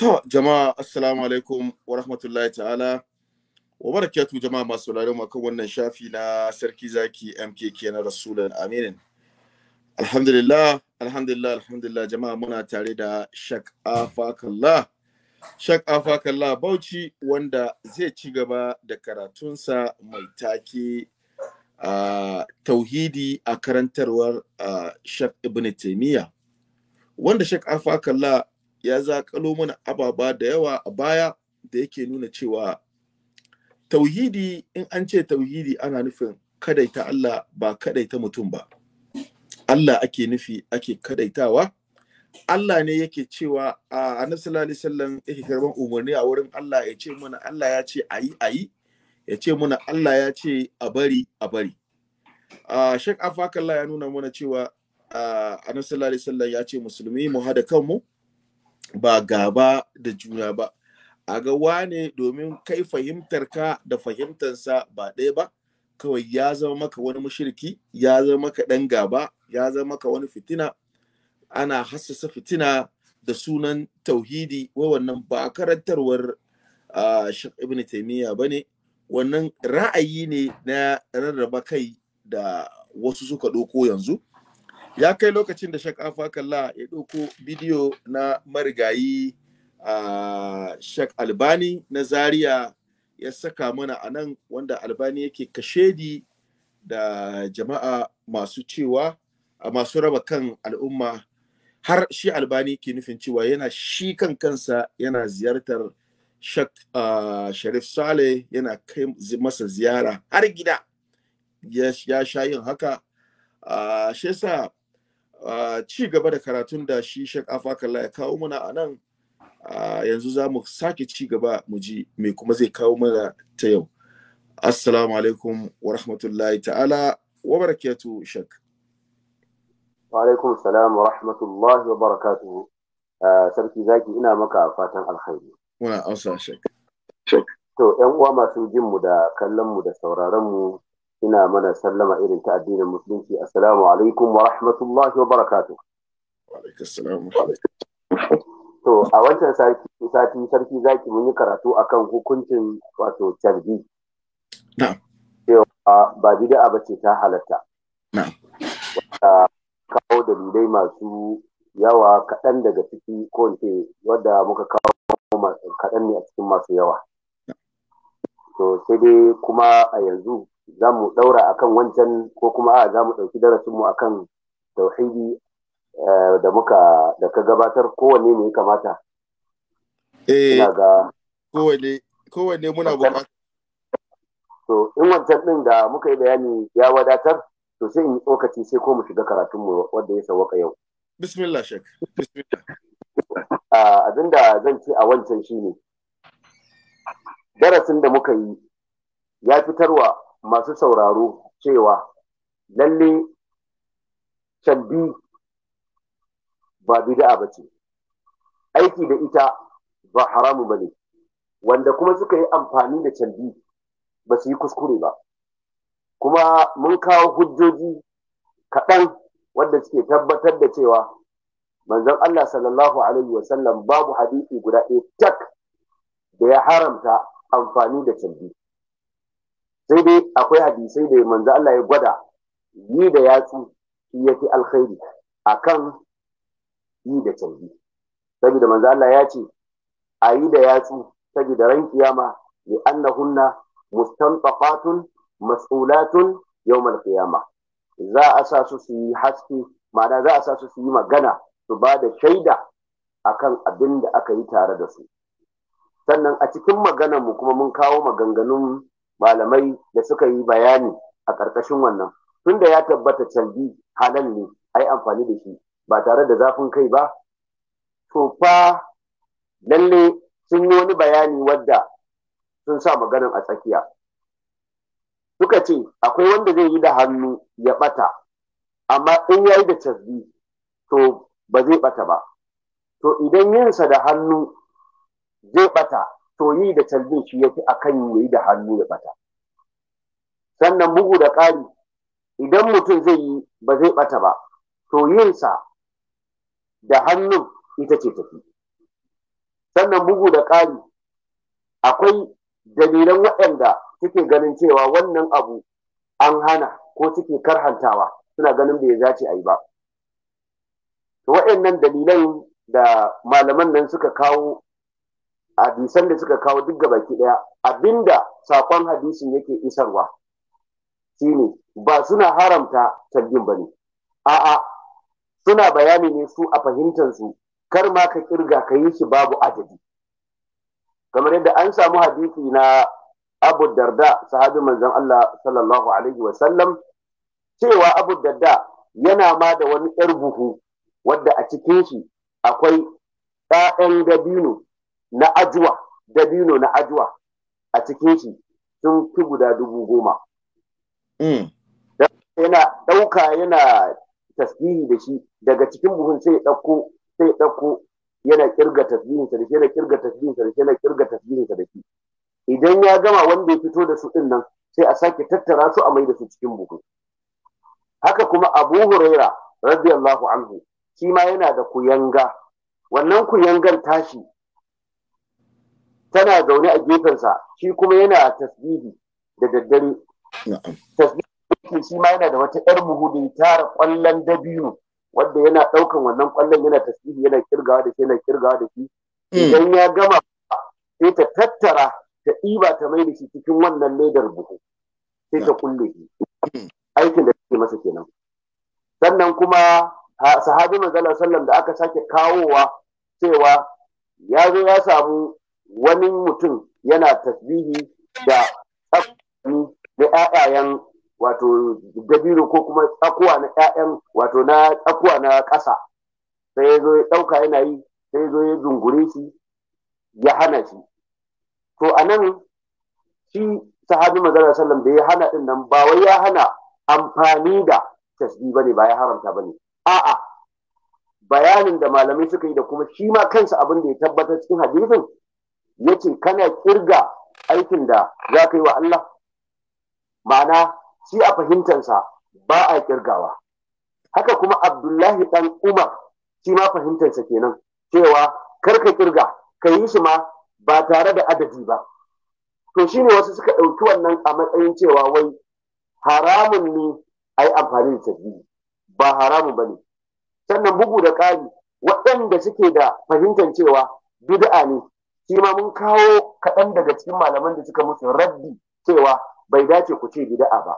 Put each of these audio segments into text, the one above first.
To, jama'a assalamu alaikum wa rahmatullahi ta'ala. Wa barakatu jama'a masu sauraron kan wannan shafi na Sarki Zaki MKK na Rasulun Aminin. Alhamdulillah, alhamdulillah, alhamdulillah jama'a muna tare da Shak Afakalla. Shak Bauchi wanda zai ci gaba da karatunsa mai take tauhidi a karantarwar uh, Shak Ibn Taymiyyah. Wanda Shak Afakalla. ya zakalo mana ababa da yawa a baya da yake nuna cewa tauhidi in an ce tauhidi ana nufin kadaita Allah ba kadaita mutum ba Allah ake nufi ake kadaitawa Allah ne yake cewa a annabi sallallahu alaihi wasallam yake karban umarni a wurin Allah ya ce mana Allah ya ce ayi ayi ya ce mana Allah ya ce a bari a bari a Sheikh Afakallah ya nuna mana cewa annabi sallallahu alaihi wasallam ya ce musulmi mu hada kanmu ba gaba da juna ba a ga wane domin kai fahimtar ka da fahimtansa ba ɗaya ba kawai ya zama maka wani mushirki ya zama maka ɗan gaba ya zama maka wani fitina ana hassasa fitina da sunan tauhidi wai wannan ba karantarwar uh, Sheikh Ibn ba ne. wannan ra'ayi ne na rarraba kai da wasu suka ɗauko yanzu ya kai lokacin da shak afakalla ya ɗauko bidiyo na marigayi a shak albani na zaria ya saka mana a nan wanda albani yake kashedi da jama'a masu cewa a masu raba kan al'umma har shi albani ke nufin cewa yana shi kan kansa yana ziyartar shak sharif sale yana kai masa ziyara har gida ya sha yin haka shi yasa ci gaba da karatun da shi Sheikh Afakalla ya kawo muna a nan yanzu za mu sake ci gaba mu ji me kuma zai kawo mana ta yau. Assalamu alaikum wa rahmatullahi ta'ala wa barakatu shek Wa alaikum salam wa rahmatullahi wa barakatu. Sarki zaki ina maka fatan alkhairi. Muna amsa shek To, ‘yan uwa masu jin mu da kallon mu da sauraron mu ina mana sallama irin ta addinin musulunci assalamu alaikum wa rahmatullahi wa barakatu to a wancan sati sarki zaki mun yi karatu akan hukuncin wato carbi na ba bid'a ba ce ta halatta wanda kawo dalilai masu yawa kaɗan daga ciki ko ce wadda muka kawo kaɗan ne a cikin masu yawa to sai dai kuma a yanzu za mu ɗaura a kan wancan ko kuma a za mu ɗauki darasinmu a kan tauhidi eh, da muka da ka gabatar kowane ne kamata eh, kowane muna buƙatar. to in wancan ɗin da muka yi bayani ya wadatar to sai in tsokaci sai ko mu shiga karatunmu wanda ya sauwaka yau bismillah shek bismillah abinda zan ce a wancan shine darasin da muka yi ya fitarwa masu sauraro cewa lalle canbi ba bid'a ba ce aiki da ita ba haramu ba ne wanda kuma suka yi amfani da canbi ba su yi kuskure ba kuma mun kawo hujjoji kaɗan wanda suke tabbatar da cewa manzon Allah sallallahu alaihi wasallam babu hadisi guda ɗaya tak da ya haramta amfani da canbi sai dai akwai hadisai da manzo Allah ya gwada yi da yatsu ya fi alkhairi akan yi da canji saboda manzo Allah ya ce a yi da yatsu saboda ran kiyama li annahunna mustanfaqatun mas'ulatun yawmal qiyama za a sa su su yi haske ma'ana za a sa su su yi magana su ba da shaida akan abin da aka yi tare da su sannan a cikin maganar mu kuma mun kawo maganganun malamai da suka yi bayani a ƙarƙashin wannan tun da ya tabbata canji halal ne ai amfani da shi ba tare da zafin kai ba to fa lalle sun yi wani bayani wadda sun sa maganin a tsakiya suka ce akwai wanda zai yi da hannu ya bata amma in ya yi da canji to ba zai bata ba to idan yinsa da hannu zai ɓata. to da talbin shi yafi akan yi da hannu ya bata sannan bugu da ƙari idan mutum zai yi ba zai bata ba to yinsa da hannun ita ce tafi sannan bugu da ƙari akwai dalilan waɗanda suke ganin cewa wannan abu an hana ko suke karhantawa suna ganin bai zace a yi ba waɗannan dalilan da malaman nan suka kawo hadisan da suka kawo duk gabaki daya abinda sakon hadisin yake isarwa shine ba suna haramta tabbin bane a'a suna bayani ne su a fahimtar su kar ma ka kirga ka yi shi babu adadi kamar yadda an samu hadisi na Abu Darda sahabi manzon Allah sallallahu alaihi wa sallam cewa Abu Darda yana ma da wani yar buhu wadda a cikin shi akwai 'ya'yan dabino na ajuwa dabino na ajuwa a cikin shi sun fi guda dubu goma mm. yana ɗauka yana tasbihi da shi daga cikin buhun sai ɗauko sai ɗauko yana kirga tasbihinsa da shi yana kirga tasbihinsa da shi yana kirga sa da shi idan ya gama wanda ya fito da su din nan sai a sake tattara su a mai da su cikin buhu haka kuma abu huraira radiyallahu anhu shi ma yana da kuyanga wannan kuyangan tashi tana zaune a gefensa shi kuma yana tasbihi da daddare tasbihi shi ma yana da wata yar buhu tara kwallon dabino wanda yana ɗaukan wannan kwallon yana tasbihi yana kirgawa da shi yana kirgawa da shi mm. idan ya gama sai ta tattara ta ɗiba ta mai da shi cikin wannan ledar buhu sai ta kulle shi mm. aikin da take masa kenan sannan kuma sahabi manzala sallam da aka sake kawowa cewa ya zo ya samu wani mutum yana tasbihi da tsakani da ƴaƴayen wato dabino ko kuma tsakuwa na ƴaƴan wato na tsakuwa na ƙasa sai ya zo ya ɗauka yana yi sai ya zo ya zungure shi ya hana shi to a nan shi sahabi magana sallam da ya hana ɗin nan ba wai ya hana amfani da tasbi ba ne ba ya haramta ba ne a'a bayanin da malamai suka yi da kuma shi ma kansa abin da ya tabbatar cikin hadisin yace kana kirga aikin da za ka yi wa Allah ma'ana shi a fahimtansa ba a kirgawa haka kuma abdullahi dan umar shi ma fahimtansa kenan cewa kar ka kirga ka yi shi ma ba tare da adadi ba to shine wasu suka ɗauki wannan a matsayin cewa wai haramun ne a yi amfani da tasbihi ba haramu ba ne sannan bugu da ƙari waɗanda suke da fahimtar cewa bid'a ne shi ma mun kawo kaɗan daga cikin malaman da suka mutu, raddi cewa bai dace ku ce bid'a ba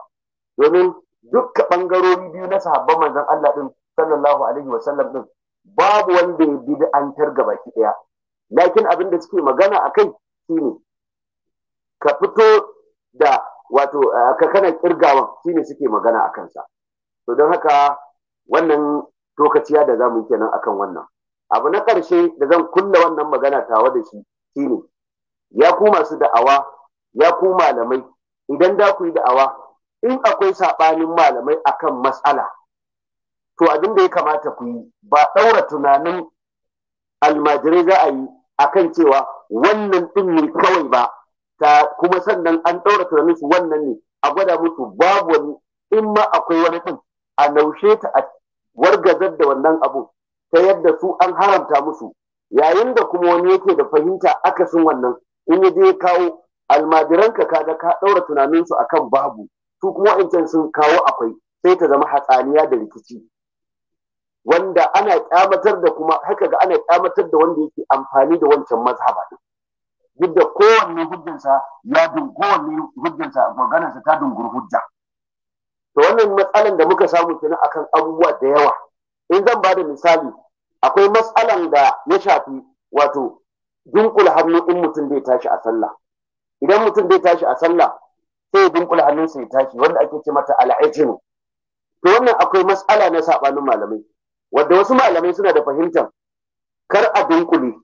domin dukka ɓangarori biyu na sahabban manzon Allah ɗin sallallahu alaihi wa sallam ɗin babu wanda ya bid'antar gaba ki ɗaya lakin abin da suke magana akai kai shine ka fito da wato eh, ka kana kirgawan shine suke magana a kansa to don haka wannan tokaciya da zamu yi kenan akan wannan abu na ƙarshe da zan kulle wannan magana tawa da shi shine ya ku masu da'awa ya ku malamai idan da ku yi da'awa in akwai saɓanin malamai akan matsala to abin da ya kamata ku yi ba ɗaura tunanin almajirai za a yi akan cewa wannan ɗin ne kawai ba ta kuma sannan an ɗaura tunanin su wannan ne a gwada musu babu wani in ma akwai wani ɗin a naushe ta a wargazar da wannan abu ta yadda su an haramta musu yayin da kuma wani yake da fahimta akasin wannan in ya je ya kawo almadiranka kaga ka ɗaura tunaninsu akan babu su kuma wa'incan sun kawo akwai sai ta zama hatsaniya da rikici wanda ana kyamatar da kuma haka ga ana kyamatar da wanda yake amfani da wancan mazhaba duk da kowanne hujjansa ya dun kowanne hujjansa maganarsa ta dungur hujja to wannan matsalan da muka samu kenan akan abubuwa da yawa in zan ba da misali akwai matsalan da ya shafi wato dunkul hannu in mutum zai tashi a sallah idan mutum zai tashi a sallah sai dunkul hannun ya tashi wanda ake ce mata al'ajinu to wannan akwai matsala na sabanin malamai wanda wasu malamai suna da fahimtar kar a dunkule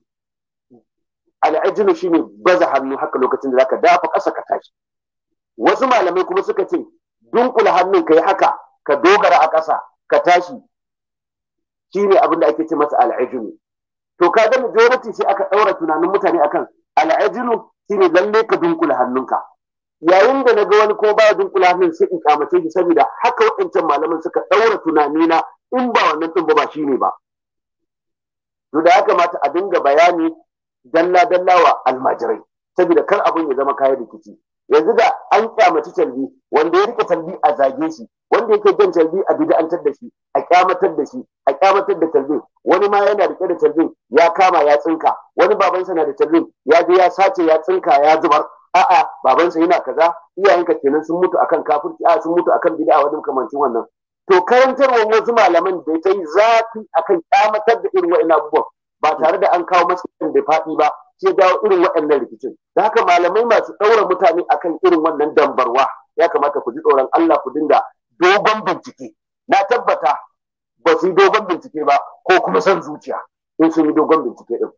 al'ajinu shine baza hannu haka lokacin da zaka dafa ƙasa ka tashi wasu malamai kuma suka ce dunkul hannun ka yi haka ka dogara a ƙasa ka tashi Shi ne abin da ake ce masa al'ajinu to ka ga majority sai aka ɗaura tunanin mutane akan al'ajinu shi ne lalle ka dunkula hannunka yayin da na ga wani ko baya dunkula hannun sai in kamace shi saboda haka waɗancan malaman suka ɗaura tunani na, in ba wannan ɗin ba ba shi ne ba to da ya kamata a dinga bayani dalla dalla wa almajirai saboda kar abin ya zama kayan rikici yanzu da an kyamaci calbi wanda ya rike calbi a zage shi wanda yake jan calbi a bid'antar da shi a kyamatar da shi a kyamatar da calbi wani ma yana rike da calbi ya kama ya tsinka wani babansa na da calbi ya je ya sace ya tsinka ya zubar a'a babansa yana kaza iyayenka kenan sun mutu akan kafirci a sun mutu akan bid'a wajen kamancin wannan to karantarwar wasu malaman da ta yi zafi akan kyamatar da irin wa'in abubuwan ba tare da an kawo matsayin da faɗi ba sai dawo irin waɗannan rikicin da haka malamai masu ɗaura mutane akan irin wannan dambarwa ya kamata ku ji tsoron Allah ku dinga dogon bincike na tabbata ba su yi dogon bincike ba ko kuma son zuciya in sun yi dogon bincike din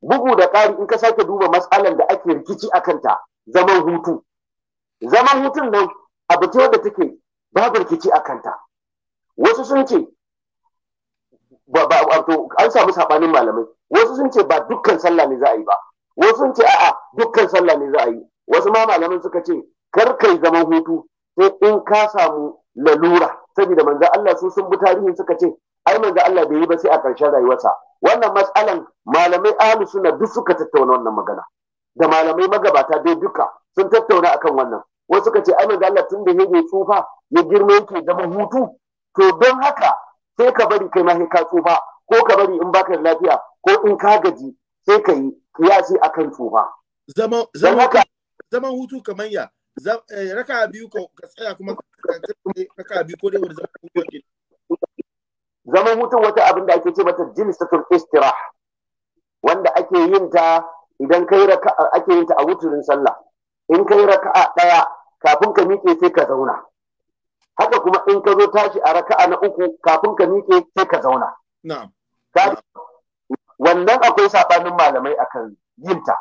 bugu da ƙari in ka sake duba matsalar da ake rikici a kanta zaman hutu zaman hutun nan abu ce da take babu rikici a kanta wasu sun ce an samu sabanin malamai wasu sun ce ba dukkan sallah ne za a yi ba wasu sun ce a'a dukkan sallah ne za a yi wasu ma malaman suka ce kar kai zaman hutu sai in ka samu lalura saboda manzo Allah su sun bi tarihin suka ce ai manzo Allah bai yi ba sai a ƙarshen rayuwarsa wannan matsalan malamai ahlu suna duk suka tattauna wannan magana da malamai magabata dai duka sun tattauna akan wannan wasu suka ce ai manzo Allah tun da yake tsufa ya girma yake zaman hutu to don haka sai ka bari kai mahi ka tsufa ko ka bari in baka da lafiya ko in ka gaji sai ka yi kiyasi akan tsufa zaman zaman zaman hutu kamar ya eh, raka biyu ka tsaya kuma raka biyu ko dai wani zaman hutu ke zaman hutu wata abin da ake ce mata satur istira wanda ake yin ta idan kai raka ake yin ta a wuturin sallah in kai raka'a daya kafin ka miƙe sai ka zauna haka kuma in ka zo tashi a raka'a na uku kafin ka miƙe sai ka zauna wannan akwai saɓanin malamai akan yinta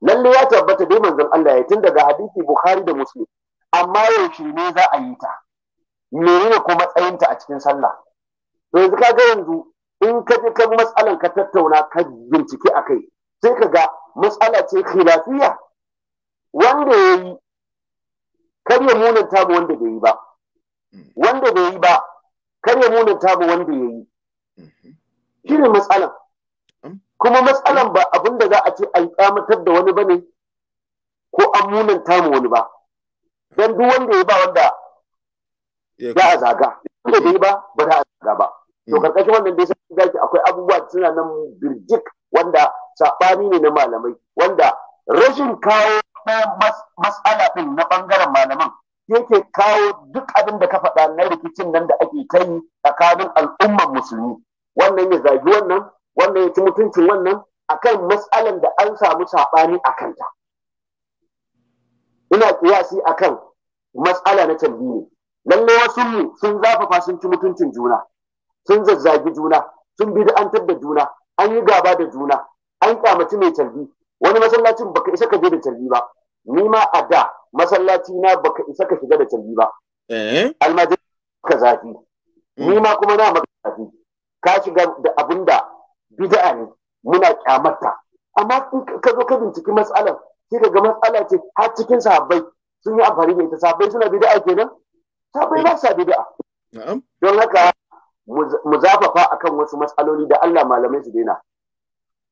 lalle ya tabbata dai manzon Allah ya tun daga hadisi Bukhari da Muslim amma yaushe ne za a yi ta menene ko matsayinta a cikin sallah to yanzu kaga yanzu in ka je kan matsalan ka tattauna ka bincike a kai sai ka ga matsala ce khilafiya wanda ya yi kar ya munanta mu wanda bai yi ba wanda bai yi ba kar ya munanta ba wanda ya yi mhm. shi ne matsalan kuma matsalan ba abin da za a ce an kyamatar da wani bane ko an munan tamu wani ba don duk wanda ya ba wanda za a zaga wanda bai yi ba ba za a zaga ba to mm. karkashin wannan dai sai zaki akwai abubuwa suna nan birjik wanda sabani ne na malamai wanda rashin kawo matsala din na bangaren malaman yake kawo duk abin da ka faɗa na rikicin nan da ake ta yi tsakanin al'ummar musulmi wannan ya zagi wannan wannan ya ci mutuncin wannan akan matsalan da an samu saɓani a kanta ina kiyasi akan matsala na tambayi ne lalle wasu mu sun zafafa sun ci mutuncin juna sun zazzagi juna sun bi da juna an yi gaba da juna an kyamaci mai calbi wani masallacin baka isa ka je da calbi ba ni ma a da masallaci na baka isa ka shiga da canji ba eh? almajiri ka zafi hmm. ni ma kuma na maka zafi ka shiga da abin da bid'a ne muna kyamata amma in ka zo ka binciki matsalar sai ka ga matsala ce har cikin sahabbai sun yi amfani da ita sahabbai suna bid'a kenan sahabbai ba sa bid'a don haka mu zafafa akan wasu matsaloli da Allah malamai su daina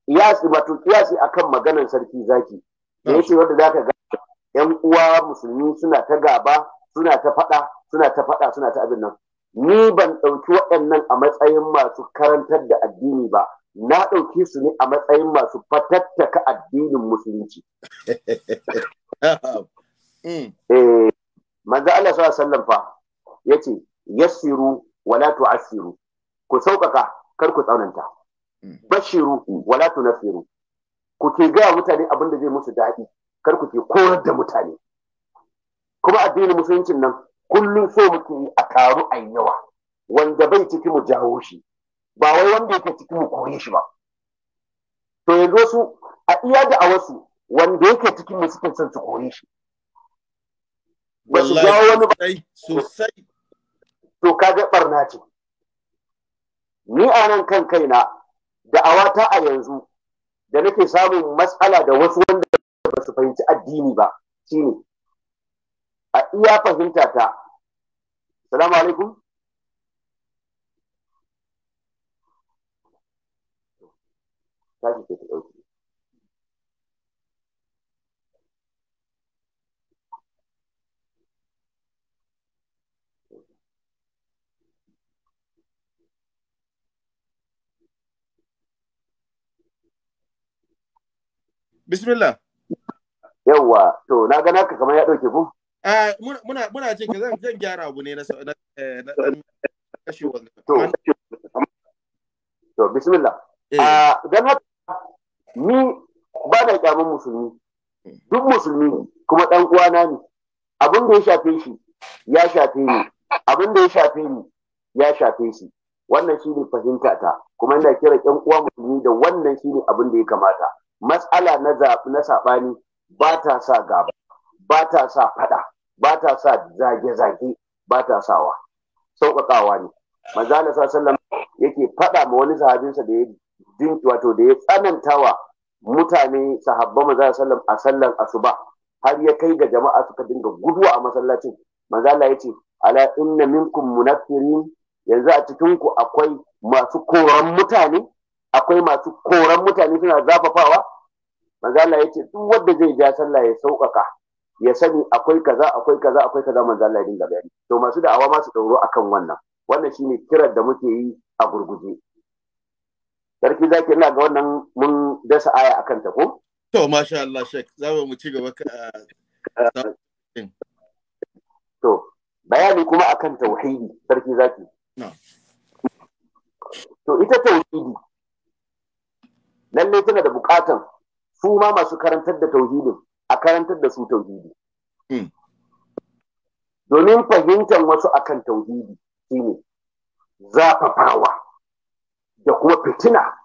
kiyasi wato kiyasi akan maganar sarki zaki da yace wanda ka ga yan uwa musulmi suna ta gaba suna ta faɗa suna ta faɗa suna ta abin nan ni ban ɗauki waɗannan a matsayin masu karantar da addini ba na ɗauki su ne a matsayin masu fatattaka addinin musulunci mm. eh, manzo Allah sallallahu alaihi wasallam fa yace yassiru wala tu'assiru ku sauƙaƙa kar ku tsananta mm. bashiru wala tunaffiru ku ke gaya mutane abin da zai musu daɗi kar ku ke korar da mutane kuma addinin musuluncin nan kullum so muke yi a taru a yawa wanda bai ciki mu jawo shi ba wai wanda yake ciki mu kore shi ba to yanzu su a iya da a wasu wanda yake ciki mu suke son su kore shi ba su jawo wani ba sosai to ga barna ce ni a nan kan kaina da awata a yanzu da nake samun matsala da wasu wanda su fahimci addini ba shine a iya fahimta ta salamu alaikum Bismillah. Yawwa, to na ga naka kamar ya ɗauke ku? muna muna jin ka zan zan gyara abu ne na na kashi eh, wannan. To, bismillah. Eh. a dan ni ba da kyamun musulmi. Duk musulmi kuma dan uwana ne. Abin da ya shafe shi ya shafe ni. Abin da ya shafe ni ya shafe shi. Wannan shi ne fahimta ta. Kuma ina kira ƴan uwa musulmi da wannan shi ne abin da ya kamata. Matsala na na saɓani ba ta sa gaba ba ta sa fada ba ta sa zage-zage ba ta sawa sauƙaƙawa ne manzala sallallahu yake fada ma wani sahabinsa da ya dinki wato da ya tsanantawa mutane sahabban manzala sallam a sallan asuba har ya kai ga jama'a suka dinga guduwa a masallacin manzala ya ce ala inna minkum munafirin yanzu a cikin ku akwai masu koran mutane akwai masu koran mutane suna zafafawa manzo Allah yace duk wanda zai ja sallah ya sauƙaƙa ya sani akwai kaza akwai kaza akwai kaza manzo Allah ya dinga bayani to masu da'awa ma su dauro akan wannan wannan shine kiran da muke yi a gurguje sarki zaki ina ga wannan mun dasa aya akan ta ko to masha Allah shek za mu ci gaba ka to bayani kuma akan tauhidi sarki zaki to ita tauhidi lallai tana da bukatan su ma masu karantar da tauhidin a karantar da su tauhidi hmm. domin fahimtar wasu akan tauhidi shine zafafawa da kuma fitina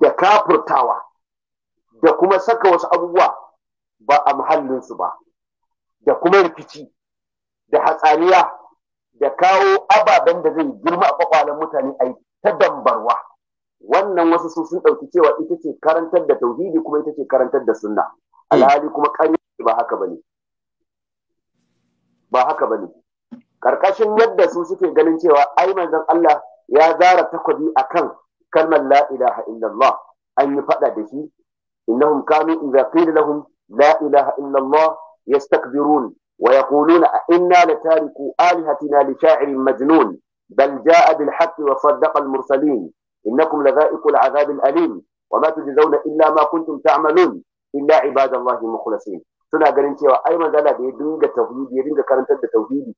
da kafurtawa da kuma saka wasu abubuwa ba a muhallinsu ba da kuma rikici da hatsariya, da kawo ababen da zai girma a kwakwalen mutane a yi ta dambarwa wannan wasu su sun dauki cewa ita ce karantar da tauhidi kuma ita ce karantar da sunna alhali kuma kare ba haka bane ba haka bane karkashin yadda su suke ganin cewa ai manzon Allah ya zara takwabi akan kalmar la ilaha illallah an yi fada da shi innahum kanu idza qila lahum la ilaha illallah yastakbirun wa yaquluna a inna latariku alihatina li sha'irin majnun bal jaa bil haqqi wa saddaqa al mursalin إنكم لذائق العذاب الأليم وما تجزون إلا ما كنتم تعملون إلا عباد الله المخلصين suna ganin cewa ai magana da ya dinga tauhidi ya dinga karantar da tauhidi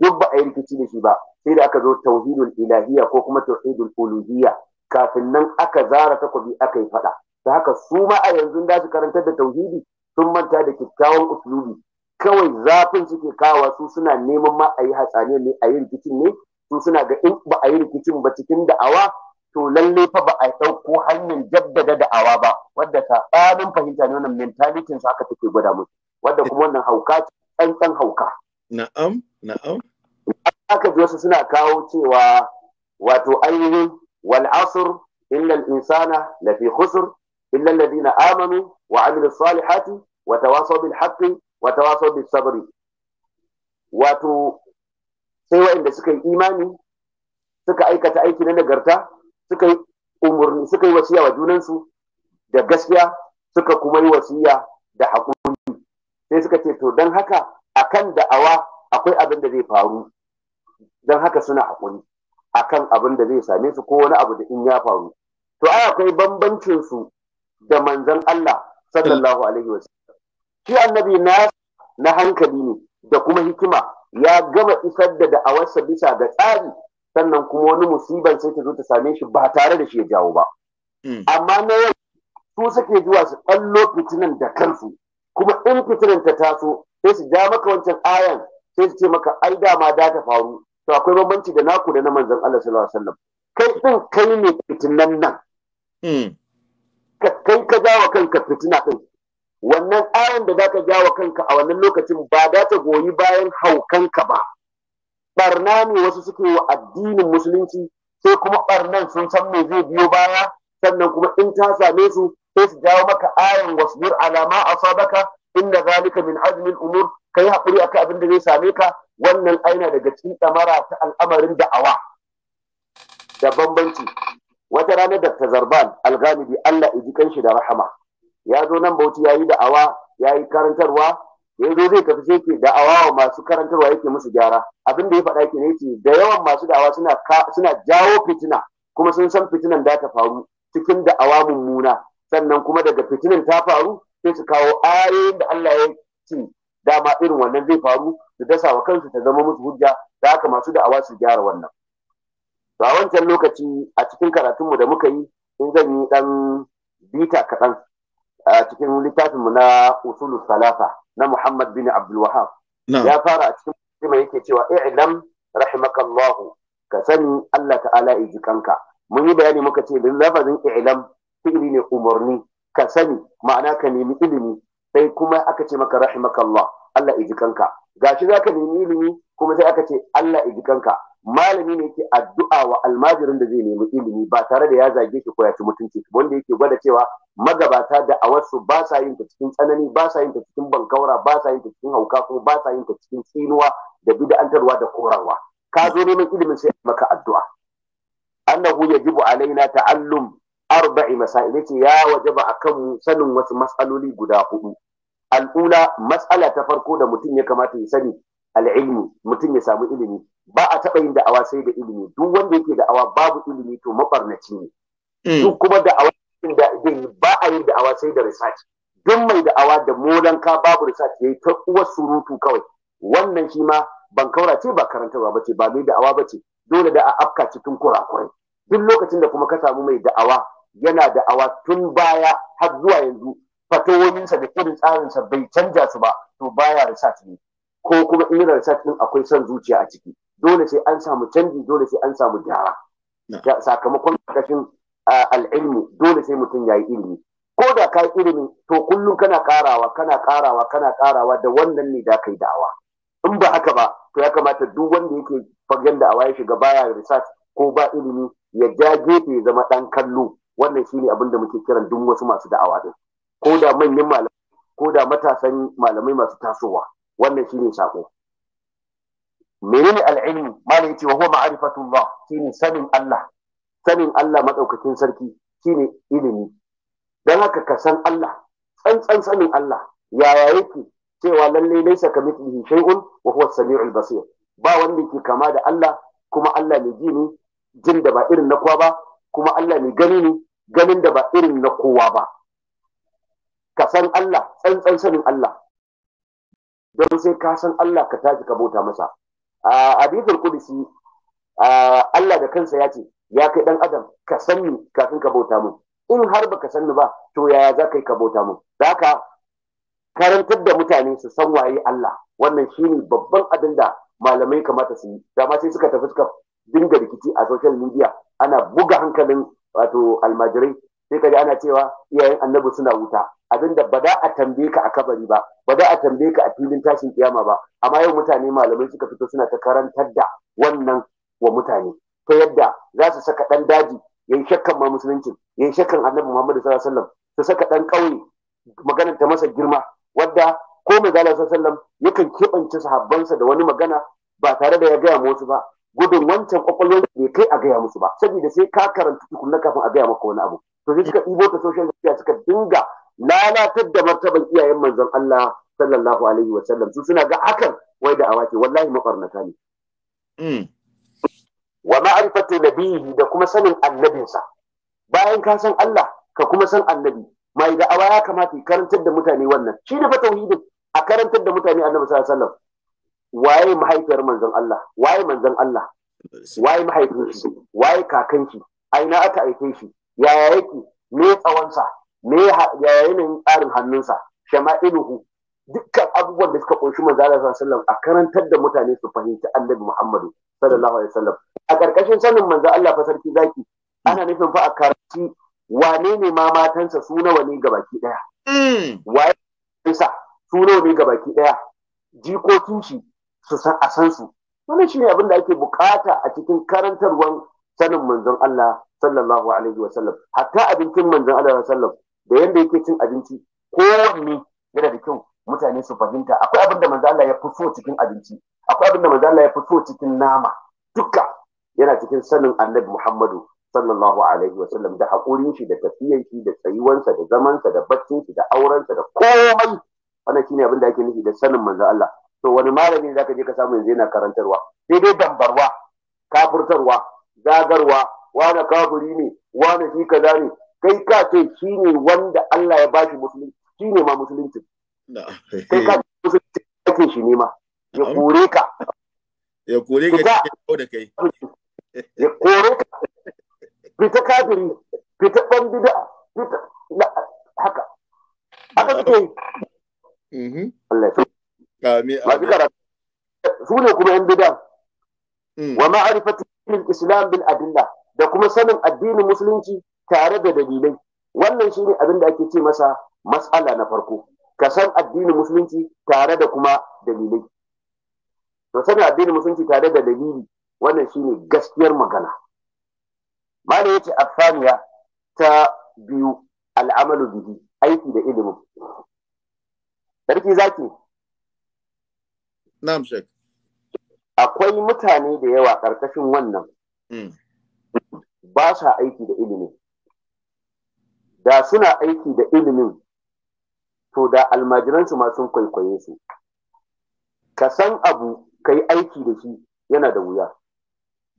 duk ba a yi rikici da shi ba sai da aka zo tauhidul ilahiyya ko kuma tauhidul uluhiyya kafin nan aka zara takobi aka yi fada Ta haka su ma a yanzu da su karantar da tauhidi sun manta da kyakkyawan uslubi kawai zafin suke kawa su suna neman ma a yi hatsaniyar ne a yi rikicin ne su suna ga in ba a yi rikicin ba cikin da'awa to lalle fa ba a ɗauko hanyar jaddada da'awa ba wadda saɓanin fahimta ne wannan mentalitin su haka take gwada mutu wadda kuma wannan hauka ce ɗan hauka. Na'am, na'am. aka ji wasu suna kawo cewa wato ainihin wal asr illa al insana lafi khusr illa alladhina amanu wa amilu salihati wa tawasaw bil haqqi wa tawasaw bis sabri. Wato sai waɗanda suka yi imani suka aikata aiki na nagarta suka yi umurni suka yi wasiya wa junansu da gaskiya suka kuma yi wasiya da haƙuri sai suka ce to don haka akan da'awa akwai abin da zai faru don haka suna haƙuri akan abin da zai same su ko wani abu da in ya faru to ai akwai bambancin su da manzon Allah sallallahu alaihi wasallam shi annabi na na hankali ne da kuma hikima ya gama isar da da'awarsa bisa ga tsari sannan kuma wani musiban sai ta zo ta same shi ba tare da shi ya jawo ba hmm. amma na yau su suke zuwa su ɓallo fitinan da kansu kuma in fitinan ta taso sai su ja maka wancan ayan sai su ce maka ai ma da ta faru to akwai bambanci da naku da na manzon Allah sallallahu alaihi kai din kai ne fitinan nan hmm. kai ka jawa kanka fitina din wannan ayan da za zaka jawa kanka a wannan lokacin ba za ta goyi bayan haukanka ba barna ne wasu suke wa addinin musulunci sai kuma barnan sun san me zai biyo baya sannan kuma in ta same su sai su jawo maka ayan wasbir ala ma asabaka inna zalika min azmin umur kai hakuri akan abin da zai same ka wannan aina daga cikin damara ta al'amarin da'awa da bambanci wata ranar da tazarban alganibi Allah ya ji kanshi da rahama ya zo nan bauchi yayi da'awa yayi karantarwa yanzu zai tafi sai ke da'awa wa masu karantarwa yake musu gyara abin da ya faɗa ke ne ce da yawan masu da'awa suna jawo fitina kuma sun san fitinan da ta faru cikin da'awa mummuna sannan kuma daga fitinan ta faru sai su kawo ayoyin da Allah ya ce dama irin wannan zai faru su dasa wa kansu ta zama musu hujja da haka masu da'awa su gyara wannan a wancan lokaci a cikin karatunmu da muka yi in zan yi ɗan bita kaɗan a cikin littafinmu na usulu salafa na Muhammad bin Abdul Wahab ya fara a cikin mutum yake cewa i'lam rahimakallahu ka sani Allah ta'ala ya kanka mun yi bayani muka ce lafazin i'lam fi'ili ne umarni ka sani ma'ana ka nemi ilimi sai kuma aka ce maka rahimakallah Allah ya kanka gashi zaka nemi ilimi kuma sai aka ce Allah ya kanka malami ne yake addu'a wa almajirin da zai nemi ilimi ba tare da ya zage shi ko ya ci mutunci wanda yake gwada cewa magabata da a wasu ba sa yin ta cikin tsanani ba sa yin ta cikin bankaura ba sa yin ta cikin hauka kuma ba sa yin ta cikin tsinuwa da bid'antarwa da korarwa ka zo neman ilimin sai maka addu'a annahu yajibu alaina ta'allum arba'i masail yace ya wajaba akan sanin wasu mas'aloli guda hudu al'ula mas'ala ta farko da mutum ya kamata ya sani al'ilmi mutum ya samu ilimi ba a taɓa yin da'awa sai da ilimi duk wanda yake da'awa babu ilimi to mabarnaci ne hmm. duk kuma da'awa da zai ba a yin da'awa sai da research duk mai da'awa da ka babu research yayi ta uwar surutu kawai wannan shi ma ban kaura ce ba karantarwa bace ba mai da'awa bace dole da a afka cikin kurakurai duk lokacin da kuma ka samu mai da'awa yana da'awa tun baya har zuwa yanzu fatowoyinsa da irin tsarinsa bai canja su ba to baya research ne ko kuma in research din akwai son zuciya a ciki dole sai an samu canji dole sai an samu gyara sakamakon ƙarƙashin al'ilmi dole sai mutum ya yi ilimi ko da ka yi ilimi to kullum kana karawa kana karawa kana karawa da wannan ne da kai da'awa in ba haka ba to ya kamata duk wanda yake fagen da'awa ya shiga baya research ko ba ilimi ya ja gefe zama ɗan kallo wannan shine abin da muke kiran duk wasu masu da'awa ɗin ko da manyan malamai ko da matasan malamai masu tasowa wannan shine sako menene al'ilmi malam yace wa huwa ma'rifatullah shine sanin Allah sanin Allah madaukakin sarki shine ilimi dan haka ka san Allah tsantsan sanin Allah yaya yake cewa lalle Saka kamithlihi shay'un wa huwa as-sami'ul basir ba wanda ke kama da Allah kuma Allah mai ji ne jin da ba irin na kowa ba kuma Allah mai gani ne ganin da ba irin na kowa ba ka san Allah tsantsan sanin Allah don sai ka san Allah ka tashi ka bauta masa a hadithul qudsi Allah da kansa ya ce ya kai dan adam ka san ni kafin ka bauta mu in har baka san ni ba to yaya za ka yi ka bauta mu haka karantar da mutane su san waye Allah wannan shine babban abin da malamai kamata su yi dama sai suka tafi suka dinga rikici a social media ana buga hankalin wato almajirai sai ka ana cewa iyayen annabi suna wuta abinda ba za a tambaye ka a kabari ba ba za a tambaye ka a filin tashin kiyama ba amma yau mutane malamai suka fito suna ta karantar da wannan wa mutane ta yadda za su saka ɗan daji yayi shakkan ma musuluncin yayi shakkan annabi Muhammad sallallahu alaihi wasallam su saka ɗan kauye maganar ta masa girma wadda ko mai sallallahu alaihi wasallam yakan keɓance sahabbansa da wani magana ba tare da ya gaya ma wasu ba gudun wancan kwakwalwar ya kai a gaya musu ba saboda sai ka karanta tukunna kafin a gaya maka wani abu to suka ɗibo ta social media suka dinga lalatar da martaban iyayen manzon Allah sallallahu alaihi wa sallam su suna ga hakan wai da awake wallahi mafarnata ne mm. wa ma'rifatu nabiyhi da kuma sanin annabinsa bayan ka san Allah ka kuma san annabi mai da awa ya kamata karantar da mutane wannan shi ne fa tauhidin a karantar da mutane annabi sallallahu alaihi wasallam waye mahaifiyar manzon Allah waye manzon Allah waye mahaifinki waye kakanki aina aka aike shi yaya yake me tsawonsa me yaya yanayin tsarin hannunsa iluhu dukkan abubuwan da suka kunshi manzo Allah sallallahu a karantar da mutane su fahimci Annabi Muhammadu sallallahu alaihi wasallam a karkashin sanin manzo Allah fa sarki zaki ana nufin fa a karanci wane ne ma matansa su nawa ne gabaki daya mm. waye sa su nawa ne gabaki daya jikokin shi su san a san su wannan shine abin da ake bukata a cikin karantarwan sanin manzon Allah sallallahu alaihi wa sallam hatta abincin manzon Allah sallallahu da yanda yake cin abinci kowanne yana da kyau mutane su fahimta akwai abin da manzon Allah ya fi cikin abinci akwai abin da manzon Allah ya fi so cikin nama duka yana cikin sanin Annabi Muhammadu sallallahu alaihi wa sallam da hakurin shi da tafiyan shi da tsayuwansa da zamansa da baccin shi da aurensa da komai wannan shine abin da ake nufi da sanin manzon Allah to wani malami zaka je ka samu yanzu yana karantarwa sai dai dambarwa kafurtarwa zagarwa wane kafiri ne wane shi kaza ne kai ka ce shi ne wanda Allah ya bashi musulunci shi ne ma musulunci kai ka ce musulunci ake shi ne ma ya kore ka ya kore ka cikin da kai ya kore ka fita kafiri fita ban da fita haka haka suke yi mm-hmm. Allah ya Amin. Su ne kuma ‘yan bidan. Mm. Wa ma'arifatin bin بالأدلة da kuma sanin addinin musulunci tare da dalilai wannan shine abin da ake ce masa matsala na farko ka san addinin musulunci tare da kuma dalilai to sanin addinin musulunci tare da dalili wannan shine gaskiyar magana ya yace afaniya ta biyu al'amalu bihi aiki da ilimin sarki zaki na'am akwai mutane da yawa ƙarƙashin wannan hmm. ba sa aiki da ilimin da suna aiki da ilimin to da almajiransu ma sun kwaikwaye su ka san abu kai aiki da shi yana da wuya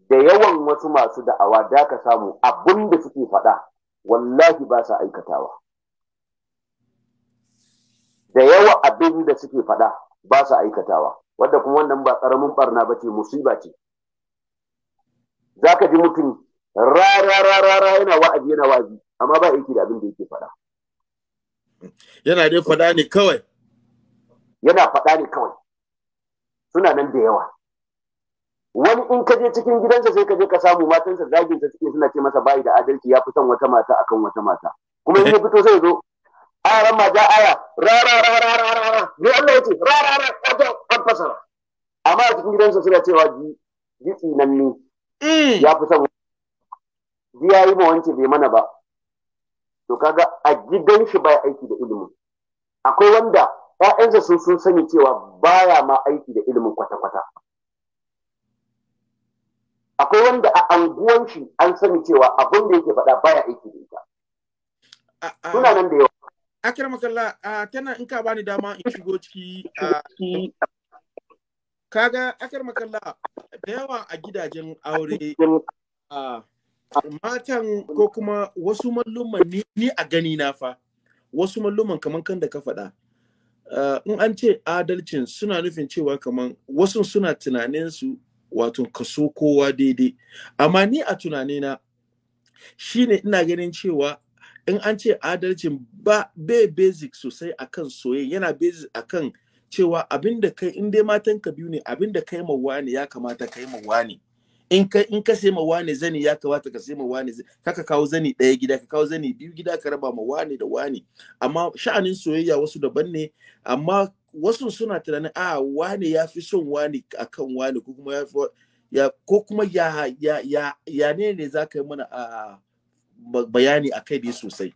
da yawan wasu masu da'awa da ka samu abun da suke faɗa wallahi ba sa aikatawa da yawa abin da suke faɗa ba sa aikatawa wadda kuma wannan ba ƙaramin barna ba ce musiba ce za ka ji mutum rara rara yana wa'azi yana wa'azi amma ba aiki da abin da yake faɗa yana dai faɗa ne kawai yana faɗa ne kawai suna nan da yawa wani in ka je cikin gidansa sai ka je ka samu matansa zaginsa suke suna ce masa bayi da adalci ya fi wata mata akan wata mata kuma in ya fito sai zo aran ma ja aya rara rara rara Allah yace rara rara amma cikin gidansa suna cewa nan ne ya fi zai yi ba wance bai mana ba to kaga a gidan shi baya aiki da ilimin akwai wanda ƴaƴansa sun sun sani cewa baya ma aiki da ilimin kwata-kwata akwai wanda a anguwan shi an sani cewa abin da yake faɗa baya aiki da ita suna nan da yawa akira makalla tana in ka bani dama in shigo ciki kaga akira makalla da yawa a gidajen aure matan ko kuma wasu malluman ni a gani na fa wasu malluman kaman kan da ka faɗa eh, in an ce adalcin suna nufin cewa kaman wasu suna tunanin su wato kaso kowa daidai amma ni a tunanina shine ina ganin cewa in an ce adalcin ba be basic sosai akan soyayya yana basic akan cewa abinda kai in dai matan ka biyu ne abinda kai mawa ne ya kamata kai mawa ne in ka in ka sai ma wane zani ya kamata ka sai ma wane kaka kawo zani ɗaya gida ka kawo zani biyu gida ka raba ma wane da wane amma sha'anin soyayya wasu daban ne amma wasu suna tunanin a wane ya fi son wane akan wane ko kuma ya fi ya ko kuma ya ya ya ya ne ne za ka yi mana a bayani a kai ne sosai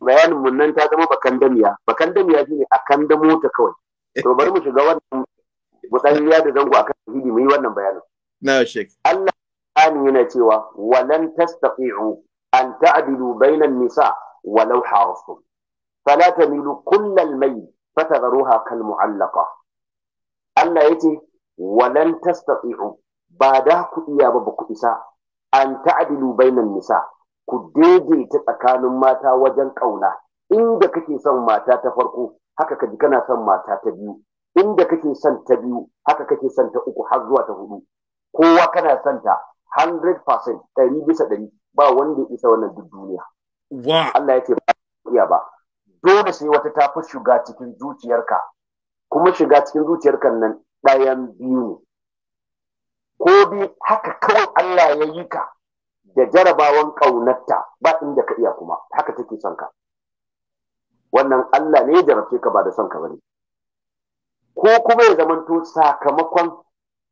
bayanin mun nan ta zama bakan damiya bakan damiya shine akan da mota kawai to bari mu shiga wannan gudan da zango akan tauhidi mu yi wannan bayanin na shek Allah Qur'ani yana cewa walan tastati'u an ta'dilu bainan nisa walau harastum fala milu kullal fata fatadharuha kal mu'allaka. Allah ya ce walan tastati'u ba da ku iya ba ba ku isa an ta'dilu bainan nisa ku daidaita tsakanin mata wajen ƙauna. inda kake son mata ta farko haka ka ji kana son mata ta biyu inda kake son ta biyu haka kake son ta uku har zuwa ta hudu kowa kana son ta 100% ɗari bisa ɗari ba wanda ya isa wannan duk duniya Allah ya ce ba iya ba dole sai wata ta fi shiga cikin zuciyarka kuma shiga cikin zuciyarka nan ɗayan biyu ne ko bi haka kawai Allah ya yi ka da jarabawan ƙaunarta ba inda ka iya kuma haka take son ka wannan Allah ne ya jarabce ka ba da son ka bane ko kuma ya zamanto sakamakon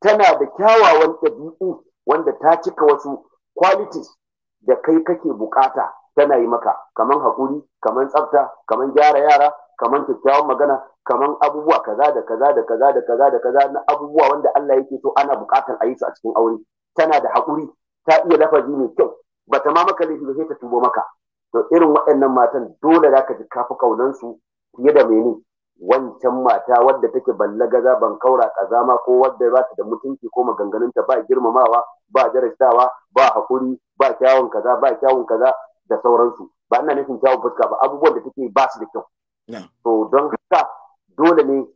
tana da kyawawan ɗabi'u wanda ta cika wasu qualities da kai kake bukata tana yi maka kaman haƙuri kaman tsafta kaman gyara yara kaman kyakkyawan magana kaman abubuwa kaza da kaza da kaza da kaza da kaza na abubuwa wanda Allah yake so ana bukatar a yi su a cikin aure tana da haƙuri ta iya lafazi mai kyau bata ma maka laifi ba sai ta tubo maka to irin waɗannan matan dole za ka ji kafi kaunansu fiye da mene wancan mata wadda take gaza ban kaura kaza ma, ko wadda ba ta da mutunci ko maganganunta ba girmamawa ba darasawa ba hakuri ba kyawun kaza ba kyawun kaza da sauransu ba ina nufin kyawun fuska ba abubuwan da take ba su da kyau to don haka dole ne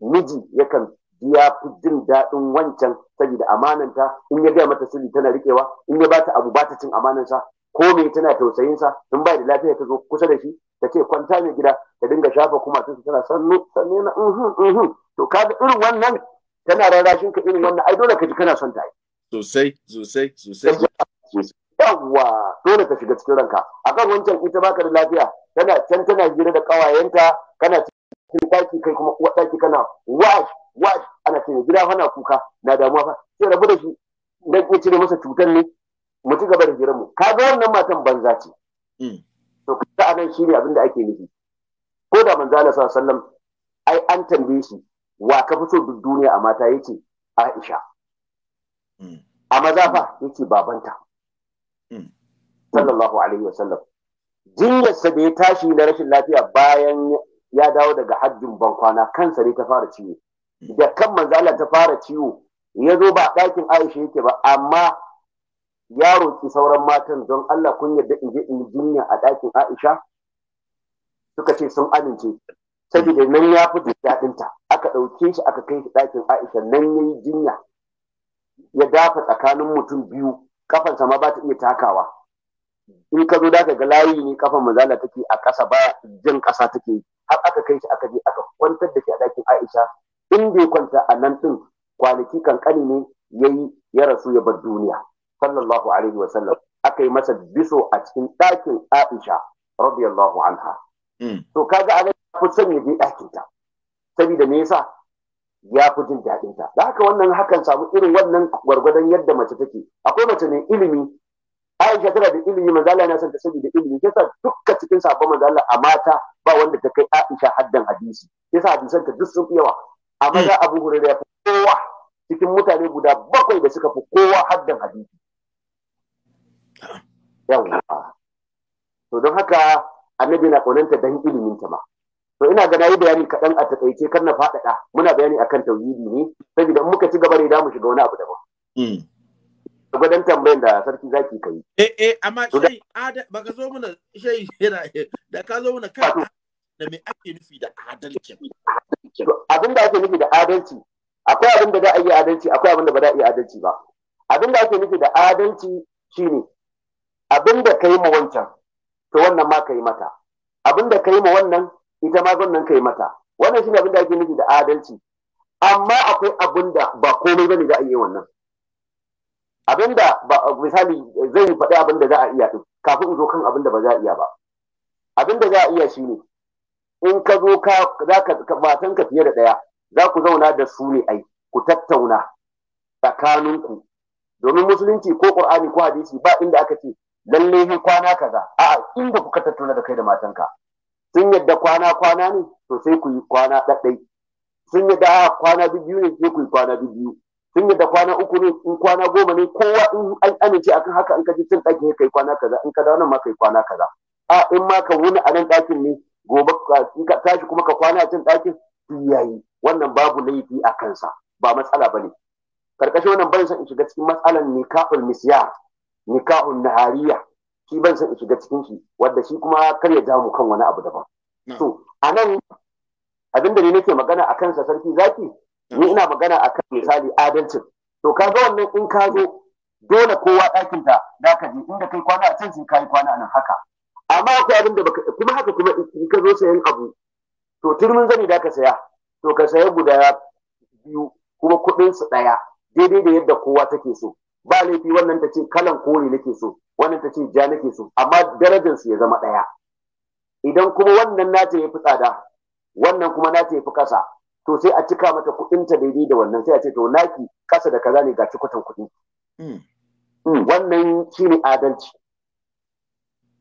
miji yakan ya fi jin daɗin wancan saboda amananta in ya gaya mata sirri tana rikewa in ya bata abu ba ta cin amanansa ko me tana tausayinsa in ba da lafiya ta zo kusa da shi ta ce kwanta mai gida ta dinga shafa kuma ta tana sannu sannu na uhun uhun to kaga irin wannan tana rarashin ka irin wannan ai dole ka ji kana son ta yi sosai sosai sosai yawwa dole ka shiga cikin ranka akan wancan ita baka da lafiya tana can tana gida da kawayenta kana cikin daki kai kuma uwa daki kana wash wash ana cikin gida hana kuka na damuwa fa sai rabu da shi dan iya cire masa cutar ne mu ci gaba da Ka kaga wannan matan banza ce mm. to kaga anan shine abin da ake nufi ko da manzo Allah sallallahu alaihi wasallam ai an tambaye shi wa ka fi so duk duniya a mata yace Aisha hmm. a maza fa yace babanta hmm. sallallahu alaihi wasallam jinyarsa da ya tashi na rashin lafiya bayan ya dawo daga hajjin bankwana kansa ne ta fara ciwo hmm. da kan manzala ta fara ciwo ya zo ba ɗakin aisha yake ba amma ya roƙi sauran matan don Allah kun yarda in je in jinya a ɗakin Aisha suka ce sun amince saboda nan ya fi daɗin ta aka ɗauke shi aka kai shi ɗakin Aisha nan ya yi jinya ya dafa tsakanin mutum biyu kafansa ma ba ta iya takawa in ka zo da ga layi ne kafan mazala take a ƙasa ba jin ƙasa take har aka kai shi aka je aka kwantar da shi a ɗakin Aisha in bai kwanta a nan ɗin kwanaki kankani ne yayi ya rasu ya bar duniya. sallallahu alaihi wa sallam aka yi masa biso a cikin ɗakin Aisha radiyallahu anha mm. to kaga a ya fi son ya je ɗakin ta saboda me yasa ya fi jin daɗin ta da haka wannan hakan samu irin wannan gwargwadon yadda mace take akwai mace mai ilimi Aisha tana da ilimi manzo Allah yana son ta saboda ilimi yasa dukka cikin sabon manzo Allah a mata ba wanda ta kai Aisha haddan hadisi yasa hadisan ta duk sun yawa amma za mm. Abu Hurairah ya fi kowa cikin mutane guda bakwai da suka fi kowa haddan hadisi yawwa to don haka annabi na kaunanta dan ilimin ta ma to ina ga nayi bayani kaɗan a takaice kar na faɗaɗa muna bayani akan tauhidi ne saboda in muka ci gaba da mu shiga wani abu daban hmm. gwadon tambayin da sarki zaki kai eh eh amma shai baka zo mana shai yana da ka zo mana kan da me ake nufi da adalci abin da ake nufi da adalci akwai abin da za a yi adalci akwai abin da ba za a yi adalci ba abin da ake nufi da adalci shine Abin da ka yi ma wancan to wannan ma ka yi mata Abin da ka yi ma wannan ita ma wannan ka yi mata wannan shine da ake nufi da adalci amma akwai abin da ba komai bane za a yi wannan da ba misali zai faɗi abin da za a iya din kafin in zo kan abin da ba za a iya ba Abin da za a iya shine in ka zo ka za ka matan ka fiye da ɗaya za ku zauna da su ne ai ku tattauna tsakaninku domin musulunci ko ƙur'ani ko hadisi ba inda aka ce lalle sai kwana kaza a'a inda kuka tattauna da kai da matanka sun yadda kwana kwana ne to sai ku yi kwana ɗaɗɗai sun yadda a kwana biyu ne sai ku yi kwana biyu sun yadda kwana uku ne in kwana goma ne kowa in an amince akan haka in ka ji cin ɗaki kai kwana kaza in ka dawo nan ma kai kwana kaza a in ma ka wuni a nan ɗakin ne gobe ka tashi kuma ka kwana a cin ɗakin yayi wannan babu laifi a kansa ba matsala bane karkashin wannan bayan san in shiga cikin matsalan nikahul misyar nikahun nahariya shi ban san shiga cikin shi wanda shi kuma kar ya jamu kan wani abu daban to anan da ni nake magana akan sa sarki zaki ni ina magana akan misali adalcin to kaga wannan in ka zo dole kowa ɗakin ta da ka je inda kai kwana a can sai kai kwana nan haka amma akwai abinda baka kuma haka kuma in ka zo sayan abu to turmin zani da ka saya to ka saya guda biyu kuma kuɗin su ɗaya daidai da yadda kowa take so ba laifi wannan ta ce kalan kore nake so wannan ta ce ja nake so amma darajar su ya zama ɗaya idan kuma wannan nata ya fi tsada wannan kuma nata ya fi ƙasa, to sai a cika mata kuɗinta daidai da wannan sai a ce to naki ƙasa da kaza ne ga cikutan kuɗi hmm. Hmm, wannan shi ne adalci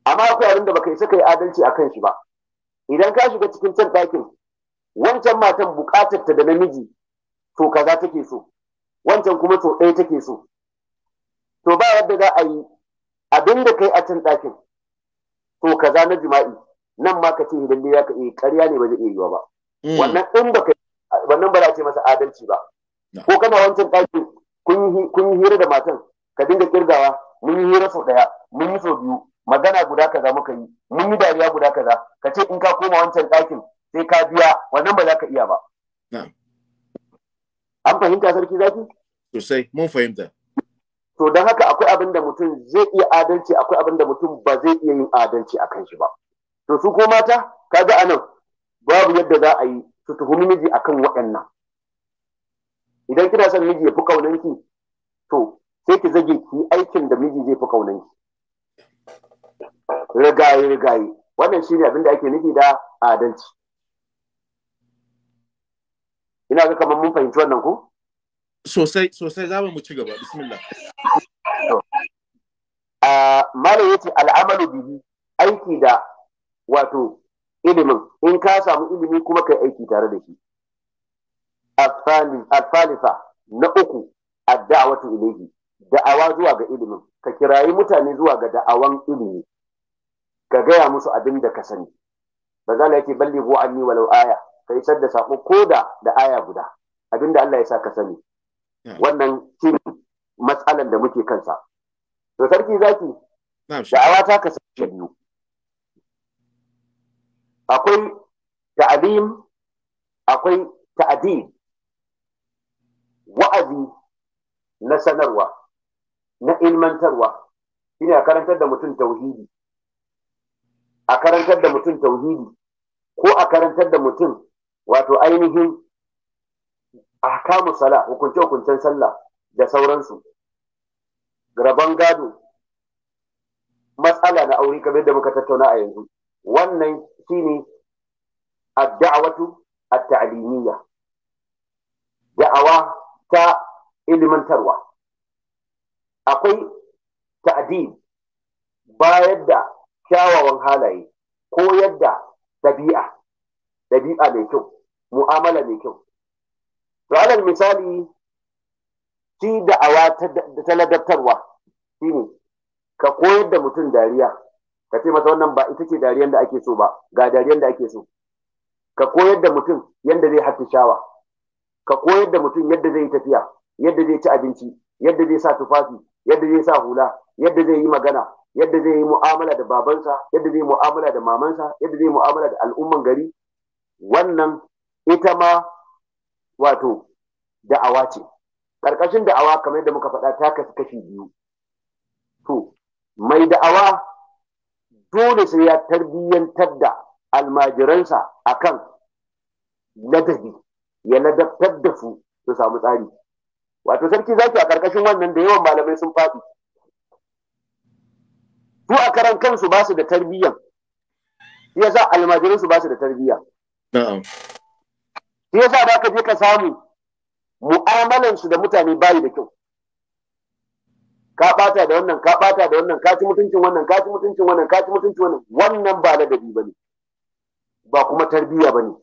amma akwai abin da baka isa yi adalci a kan shi ba idan ka shiga cikin can ɗakin wancan matan buƙatar ta da namiji to kaza take so wancan kuma to ɗaya take so to ba yadda za a yi abin da kai a can ɗakin to kaza na jima'i nan ma ka ce idan dai ka iya ƙarya ne ba zai iya yiwa ba mm. wannan in ba wannan ba za a ce masa adalci ba ko kana wancan ɗakin kun yi hira da matan ka dinga kirgawa mun yi hira sau ɗaya mun yi sau biyu magana guda kaza muka yi mun yi dariya guda kaza ka ce in ka koma wancan ɗakin sai ka biya wannan ba za ka iya ba an fahimta sarki zaki sosai mun fahimta to don haka akwai abin da mutum zai iya adalci akwai abin da mutum ba zai iya yin adalci a kan shi ba to su ko mata ka kaga anan babu yadda za a yi su tuhumi miji akan waɗannan idan kina son miji ya fi kaunanki to sai ki zage ki aikin da miji zai fi kaunanki rigaye rigaye wannan shi ne abin da ake nufi da adalci ina ga kamar mun fahimci wannan ko sosai sosai za mu ci gaba bismillah malam yace al'amalu bihi aiki da wato ilimin in ka samu ilimi kuma kai aiki tare da shi alfalifa na uku ad-da'watu ilayhi da'awa zuwa ga ilimin ka kirayi mutane zuwa ga da'awan ilimi ka gaya musu abin da ka sani bazala yake an anni wa aya ka isar da saƙo ko da aya guda abin da Allah ya sa ka sani wannan shine matsalan da muke kansa to sarki zaki da'awa ta kasance biyu akwai ta'alim akwai ta'adil wa'azi na sanarwa na ilmantarwa shine a karantar da mutum tauhidi a karantar da mutum tauhidi ko a karantar da mutum wato ainihin ahkamu sala hukunce hukuncen sallah da sauransu rabon gado matsala na aure kamar da muka tattauna a yanzu wannan shine a da'awatu a talimiyya da'awa ta ilimantarwa akwai ta'adin bayar da kyawawan halaye ko yadda ɗabi'a ɗabi'a mai kyau mu'amala mai kyau to misali shi da'awa ta ladabtarwa shi ne ka koyar da mutum dariya ka ce masa wannan ba ita ce dariyar da ake so ba ga dariyar da ake so ka koyar da mutum yadda zai shawa. ka koyar da mutum yadda zai tafiya yadda zai ci abinci yadda zai sa tufafi yadda zai sa hula yadda zai yi magana yadda zai yi mu'amala da babansa yadda zai yi mu'amala da mamansa yadda zai yi mu'amala da al'umman gari wannan ita ma wato da'awa ce ƙarƙashin da'awa kamar yadda muka faɗa ta kasu kashi biyu to mai da'awa dole sai ya tarbiyyantar da almajiransa akan ladabi ya ladabtar da su su samu tsari wato sarki za ki a ƙarƙashin wannan da yawan malamai sun faɗi su a karan kansu ba su da tarbiyyan ya sa almajiransu ba su da tarbiyya ya sa ba ka je ka samu mu'amalan su da mutane bayi da kyau ka bata da wannan ka bata da wannan ka ci mutuncin wannan ka ci mutuncin wannan ka ci mutuncin wannan wannan ba ladabi bane ba kuma tarbiyya bane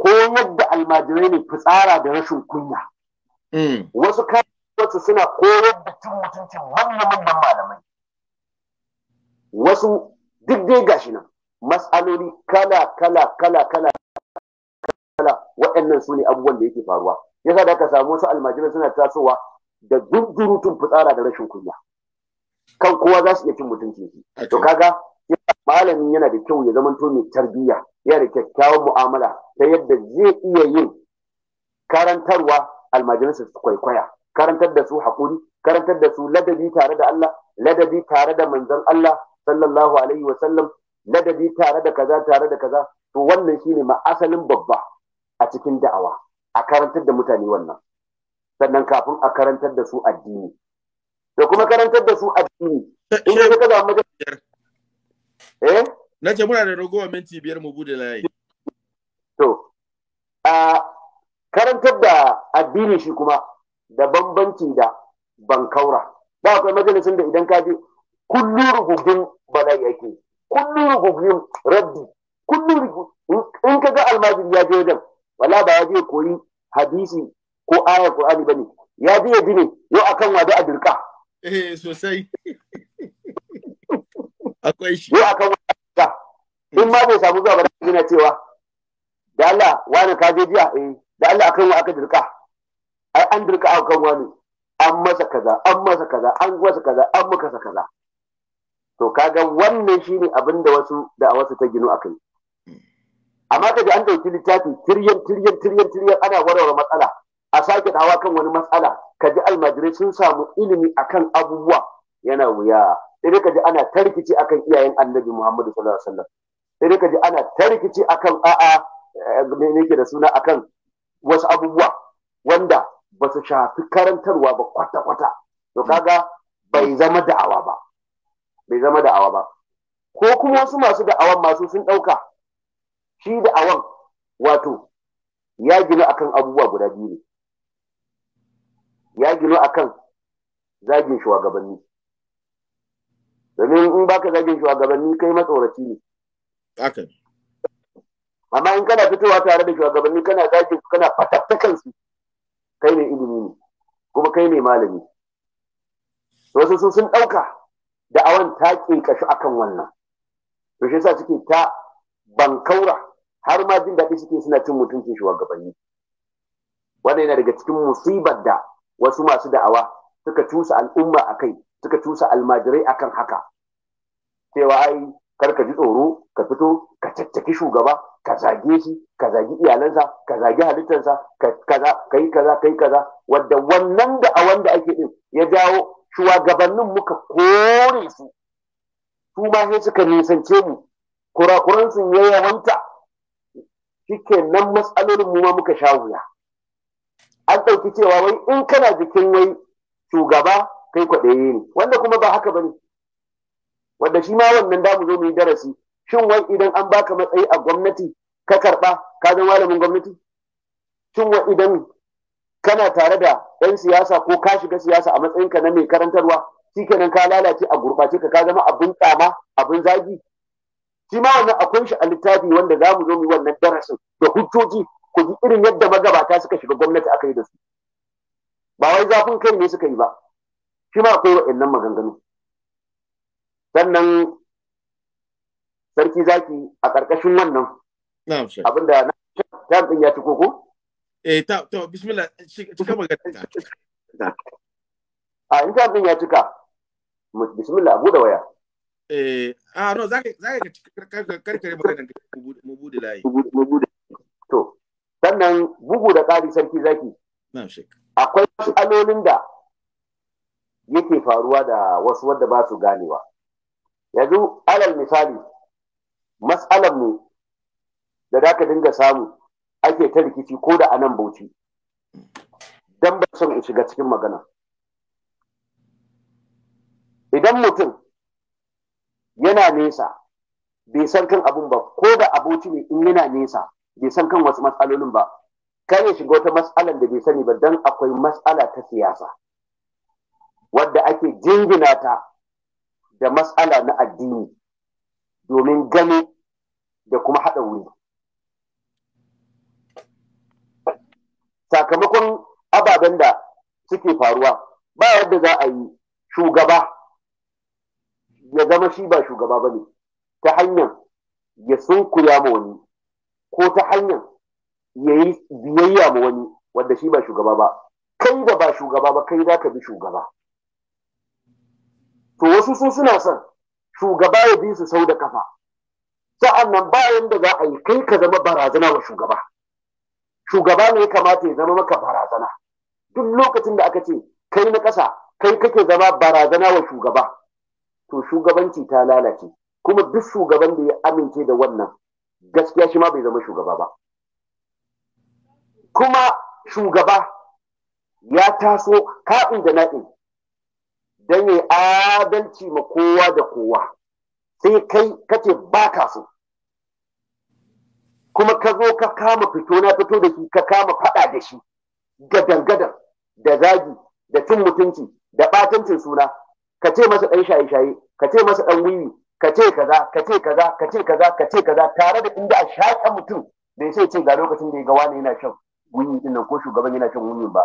ko yadda almajirai ne fitsara da rashin kunya hmm. wasu wasu suna koyar da cin mutuncin wannan manyan malamai wasu duk dai gashi nan mas'aloli kala kala kala kala kala waɗannan su ne abubuwan da yake faruwa yasa da aka samu wasu almajirai suna tasowa da dundurutun fitsara da rashin kunya kan kowa za su iya cin mutunci shi to kaga malamin yana da kyau ya zamanto mai tarbiyya yana da kyakkyawan mu'amala ta yadda zai iya yin karantarwa almajirai su kwaikwaya karantar da su haƙuri karantar da su ladabi tare da Allah ladabi tare da manzon Allah sallallahu alaihi wa sallam ladabi tare da kaza tare da kaza to wannan shine ma asalin babba a cikin da'awa a karantar da mutane wannan sannan kafin a karantar da su addini da kuma karantar da su addini eh, in ka ka zama eh na ce muna da ragowa minti biyar mu bude layi to a karantar da addini shi kuma da bambanci da bankaura ba akwai majalisin da idan ka je kullum rugugun bala'i yake kullum rugugun raddi kullum in ka ga almajiri ya je wajen wala ba ya je koyi hadisi ko ayar Qur'ani bane ya je ya ne yau akan wada a dirka eh sosai akwai shi yau akan wada in ma bai samu zuwa ba da gina cewa da Allah wani ka je jiya eh da Allah akan wa aka dirka ai an dirka akan wani an masa kaza an masa kaza an masa kaza an muka sa kaza to kaga wannan shine abin da wasu da a wasu ta ginu akai amma kaga an dauki littafi tiryan tiryan tiryan tiryan ana warware matsala a sake dawa kan wani matsala kaji almajirai sun samu ilimi akan abubuwa yana wuya sai kaji ana tarkici akan iyayen annabi Muhammadu sallallahu alaihi wasallam sai kaji ana tarkici akan a'a ne eh, yake da suna akan wasu abubuwa wanda ba su shafi karantarwa ba kwata-kwata to kaga bai zama da'awa ba bai zama da'awa ba ko kuma wasu masu da'awan masu sun ɗauka shi da awan wato ya gino akan abubuwa guda biyu ne ya gino akan zagin shugabanni domin in baka zagin shugabanni kai matsoraci ne amma in kana fitowa tare da shugabanni kana zagin kana fatattakan su kai ne ilimi ne kuma kai ne malami wasu su sun ɗauka da awan ta ƙeƙashi akan wannan to shi yasa suke ta bankaura har ma jin daɗi suke suna cin mutuncin shugabanni wannan yana daga cikin musibar da wasu masu da'awa suka cusa al'umma a kai suka cusa almajirai a kan haka cewa ai kar ka ji tsoro ka fito ka caccaki shugaba ka zage shi ka zagi iyalansa ka zagi halittarsa ka kaza ka kaza kai kaza Wadda wannan da a wanda ake din ya jawo shugabannin muka kore su su ma sai suka nisance mu kurakuran ya yawanta shike nan matsalolin mu ma muka sha wuya an ɗauki cewa wai in kana jikin wai shugaba kai kwaɗaye ne wanda kuma ba haka bane wanda shi ma wannan da mu zo mu yi darasi shin wai idan an baka matsayi a gwamnati ka karɓa ka zama malamin gwamnati shin wai idan kana tare da 'yan siyasa ko ka shiga siyasa a matsayinka na mai karantarwa shikenan ka lalace a gurɓace ka ka zama abin tsama, abin zagi shi ma wannan akwai shi a littafi wanda za mu zo mu wannan darasin da hujjoji ku ji irin yadda magabata suka shiga gwamnati aka yi da su ba wai zafin kai ne suka yi ba shi ma akwai wa'annan maganganu sannan sarki zaki a ƙarƙashin wannan abinda na ta ɗin ya ci koko? eh ta to bismillah cika magana a in ta ɗin ya cika bismillah abu da waya Eh, ah no, zaka zaka mu bude layi. Mu bude. To, sannan bugu da ƙari sarki zaki. Na'am shek. Akwai alolin da yake faruwa da wasu wadda ba su ganewa. Yanzu alal misali mas'alar ne da za ka dinga samu ake ta rikici ko da anan bauchi. don ba son in shiga cikin magana. Idan mutum yana nesa bai san kan abun ba ko da aboci ne in yana nesa bai san kan wasu matsalolin ba kan ya shiga wata matsalar da bai sani ba don akwai matsala ta siyasa wadda ake jingina ta da matsala na addini domin gani da kuma haɗa wuri sakamakon ababen da suke faruwa ba yadda za a yi shugaba ya zama shi ba shugaba ba ne ta hanyar ya sunkuya ma wani ko ta hanyar ya yi biyayya ma wani wanda shi ba shugaba ba kai da ba shugaba ba kai za ka bi shugaba to wasu sun suna son shugaba ya bi su sau da kafa sa'an nan bayan da za a yi kai ka zama barazana wa shugaba shugaba ne ya kamata ya zama maka barazana duk lokacin da aka ce kai na ƙasa kai kake zama barazana wa shugaba to shugabanci ta lalace kuma duk shugaban da ya amince da wannan gaskiya shi ma bai zama shugaba ba kuma shugaba ya taso ka'in da na'in don ya adalci ma kowa da kowa sai kai kace ba ka so kuma ka zo ka kama fito na fito da shi ka kama faɗa da shi gadan-gadan da zagi da cin mutunci da ɓatancin suna ka ce masa ɗan shaye-shaye ka ce masa ɗan wuyi ka ce kaza ka ce kaza ka ce kaza ka ce kaza tare da inda a shaƙa mutum da ya sai ce ga lokacin da ya ga wani yana shan wuyi din nan ko shugaban yana shan wiwi ba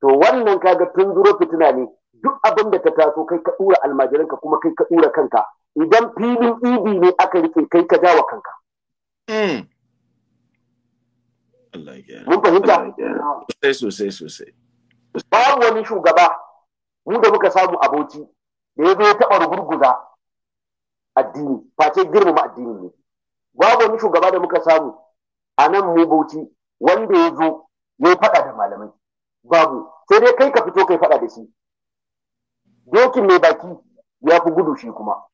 to wannan kaga tun zuro fitina ne duk abin da ka taso kai ka ɗura almajiranka kuma kai ka ɗura kanka idan filin ibi e ne aka rike kai ka dawa kanka hmm. mun fahimta sosai sosai sosai babu wani shugaba mu da muka samu aboki da ya zo ya taɓa rugurguza addini face girmama addini ne babu wani shugaba da muka samu a nan mu bauchi wanda ya zo ya faɗa da malamai babu sai dai kai ka fito kai faɗa da shi dokin mai baki ya fi gudu shi kuma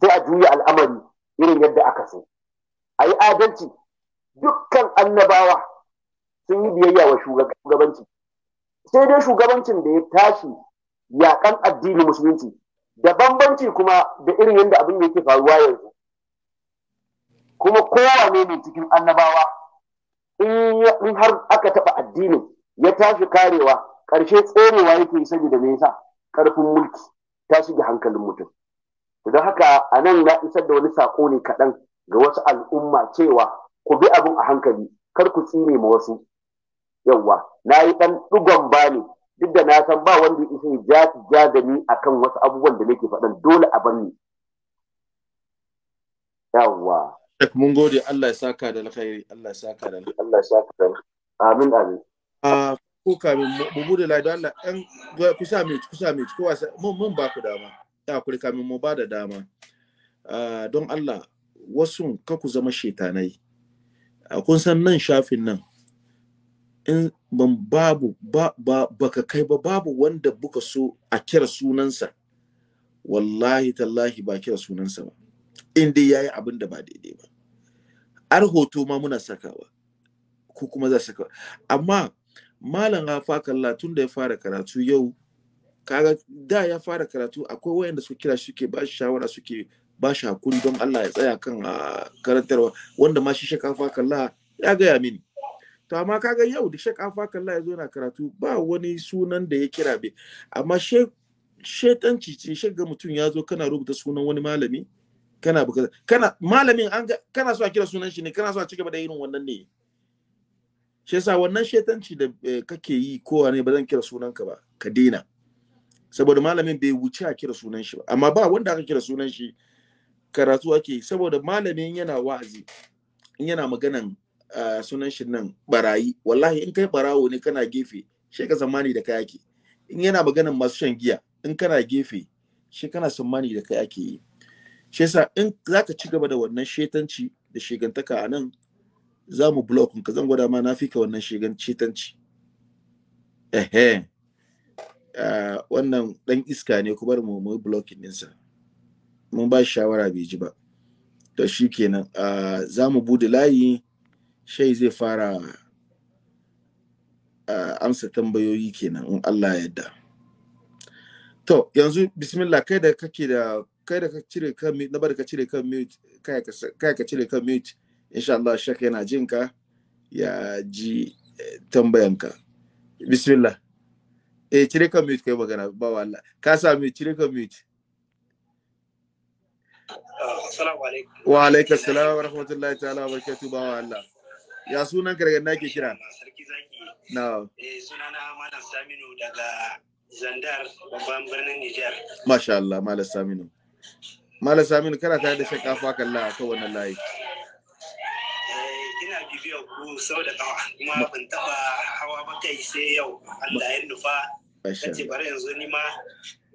sai a juya al'amari irin yadda aka so a yi adalci dukkan annabawa sun yi biyayya wa shugabanci sai dai shugabancin da ya tashi yaƙan addini musulunci da bambanci kuma da irin yadda abin yake faruwa yanzu kuma kowa ne mai cikin annabawa in har aka taɓa addinin ya tashi karewa ƙarshe tserewa yake sani da nesa, ƙarfin mulki ta shiga hankalin mutum don haka a nan na isar da wani saƙo ne kaɗan ga wasu al'umma cewa ku bi abin a hankali kar ku tsine ma wasu yawwa na yi ɗan ɗigon bani duk da na san ba wanda ya isa ja ja da ni a kan wasu abubuwan da nake faɗan dole a bar ni yawwa mun gode Allah ya saka da alkhairi Allah ya saka da Allah ya saka da amin amin a ah, ko kamin mu bude lai don Allah ɗan kusa mai kusa mai kowa mun mun ba ku dama ya kuri kamin mu ba da dama ah, don Allah wasu ka ku zama shetanai ah, kun san nan shafin nan in ban babu ba ba baka kai ba babu wanda buka so a kira sunansa wallahi tallahi ba kira sunansa ba in dai yayi abin da ba daidai ba ar hoto ma muna sakawa ko kuma za saka amma malam hafakallah tun da ya fara karatu yau kaga da ya fara karatu akwai wayanda suka kira suke ba shawara suke ba shi hakuri don Allah ya tsaya kan ah, karantarwa wanda ma shi shaka fakallah ya gaya mini to amma kaga yau da shek kalla ya zo yana karatu ba wani sunan da ya kira bai amma shetan cici shek ga mutum ya zo kana rubuta sunan wani malami kana bukata kana malamin an kana so a kira sunan shi ne kana so a cigaba da irin wannan ne shi yasa wannan shetanci da eh, kake yi kowa ne ba zan kira sunan ka ba ka dina saboda malamin bai wuce a kira sunan shi ba amma ba wanda aka kira sunan shi karatu ake saboda malamin yana wa'azi yana maganan sunan shi nan barayi wallahi in kai barawo ne kana gefe shi ka zamani da kai ake in yana maganan masu shan giya in kana gefe shi kana tsammani da kai ake yi shi yasa in zaka ci gaba da wannan shetanci da shegantaka a nan za mu block ka zan gwada ma na fi ka wannan shegan shetanci ehe eh. wannan dan iska ne ku bar mu mu blocking ɗinsa mun ba shawara bai ji ba to shi kenan za mu bude layi shai zai fara uh, amsa tambayoyi kenan in Allah ya yarda to yanzu bismillah kai da kake da kai da ka cire kan mute na ka cire kan mute kai ka cire kan mute insha Allah shak yana jin ka ya ji eh, tambayanka bismillah eh cire kan mute kai magana ba wallah ka sa mute cire kan mute ah, Assalamu alaikum. Wa alaikum assalam wa rahmatullahi ta'ala wa barakatuh ba wa Allah. ya sunan kargan da ke kira na eh, sunana malam saminu daga zandar babban birnin nijar masha Allah malam saminu malam saminu kana tare da kafa kalla a kan wannan layi eh, ina bibiya ku sau da kawa kuma ban taba hawa ba kai sai yau Allah ya nufa kace bari yanzu ni ma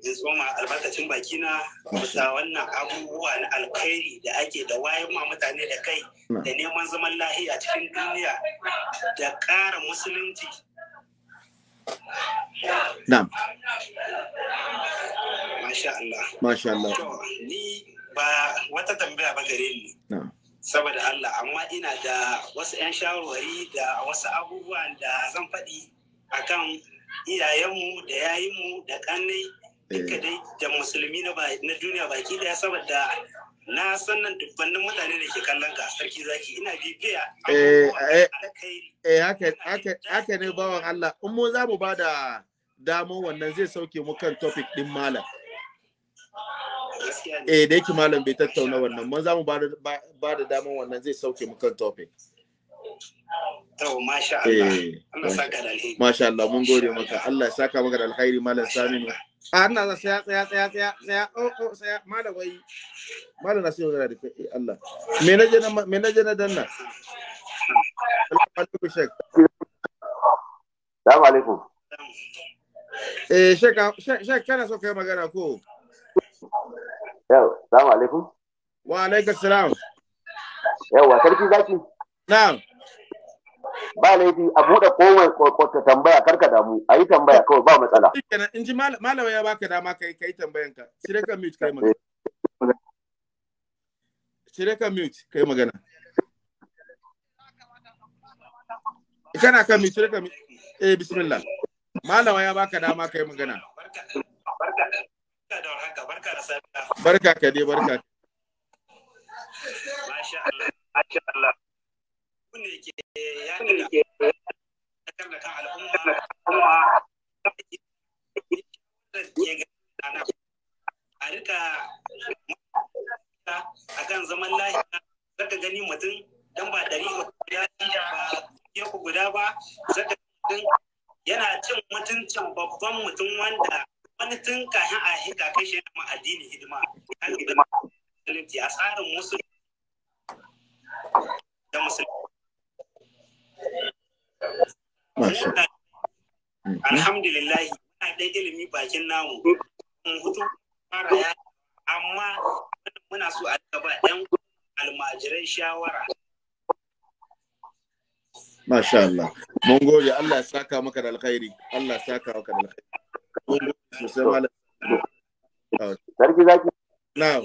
in zoma albarkacin baki na bisa wannan abubuwa na alkhairi da ake da wayan ma mutane da kai da neman zaman lahi a cikin duniya da ƙara musulunci. Masha Allah. Masha Allah. Ni ba wata tambaya ba gare ni. Saboda Allah, amma ina da wasu 'yan shawarwari da wasu abubuwan da zan faɗi akan iyayenmu da yayinmu da ƙannai duka eh. dai da musulmi na duniya baki daya saboda na sannan dubbannin mutane da ke kallon ka sarki zaki ina bibiya eh, eh, eh haka ne bawan Allah in mu za mu ba da damo wannan zai sauke mu kan topic din malam eh da yake malam bai tattauna wannan mun za mu ba da damo wannan zai sauke mu kan topic Tau masha Allah. Eh, Allah saka da alheri. Masha Allah mun gode maka. Allah ya saka maka da alheri malam Saminu. A ah, ina za tsaya tsaya tsaya tsaya tsaya oh oh tsaya malam wai. Malam Nasiru da da eh, Allah. Me na je na me na je na danna? Assalamu alaikum Sheikh. Assalamu alaikum. Eh Sheikh ah, Sheikh kana so kai magana ko? Yau, assalamu alaikum. Wa alaikum salam. Yau, wa sarki zaki. Na'am. ba laifi a buɗe komai kwakwata tambaya karka damu a yi tambaya kawai ba matsala. in ji malama ya baka dama ka yi tambayan ka shirya ka mute kai magana. Shirya ka mute kai magana. Kana ka mute shirya ka mute. Eh bismillah. Malama ya baka dama kai magana. Barka ka dai barka. Masha Allah. Masha Allah. abin da ke yaƙi da kan al'umma a rika a kan zaman lahiya ka gani mutum don ba dari ya ya ku guda ba zaka gani yana cin mutuncin babban mutum wanda wani tun kahin a hika kai shi yana addini hidima a tsarin musulmi da musulmi Mm-hmm. alhamdulillah muna da ilimi bakin namu mun hutu fara ya amma muna so a gaba ɗan almajiran shawara Masha Allah. Mun gode Allah ya saka maka da alkhairi. Allah ya saka maka da alkhairi. Mun gode sosai malam. Sarki zaki. Na'am.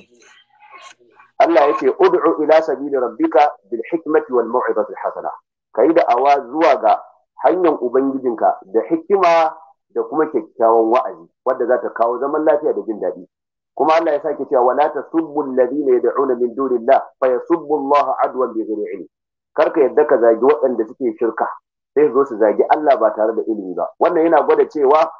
Allah yake ud'u ila sabili rabbika bil hikmati wal mau'izati hasana. ka yi da'awa zuwa ga hanyar ubangijinka da hikima da kuma kyakkyawan wa'azi wadda za ta kawo zaman lafiya da jin daɗi kuma Allah ya sake cewa wala tasubbu alladhina yad'una min dunillah fa yasubbu Allah adwan bi ghairi ilmi kar yadda ka zagi waɗanda suke shirka sai zo su zagi Allah ba tare da ilimi ba wannan yana gwada cewa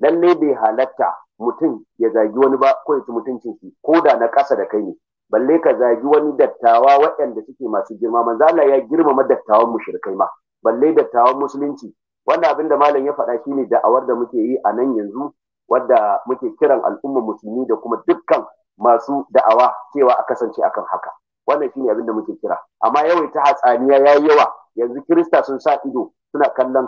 lalle bai halatta mutum ya zagi wani ba ko ya ci mutuncin shi ko da na ƙasa da kai ne balle ka zagi wani dattawa waɗanda suke masu girma manzo Allah ya girmama dattawan mushrikai ma balle dattawan musulunci wannan abin da malam ya faɗa shine da'awar da muke yi a nan yanzu wadda muke kiran al'umma musulmi da kuma dukkan masu da'awa cewa a kasance akan haka wannan shine abin da muke kira amma yawai yawaita hatsaniya yayi yawa yanzu kirista sun sa ido suna kallon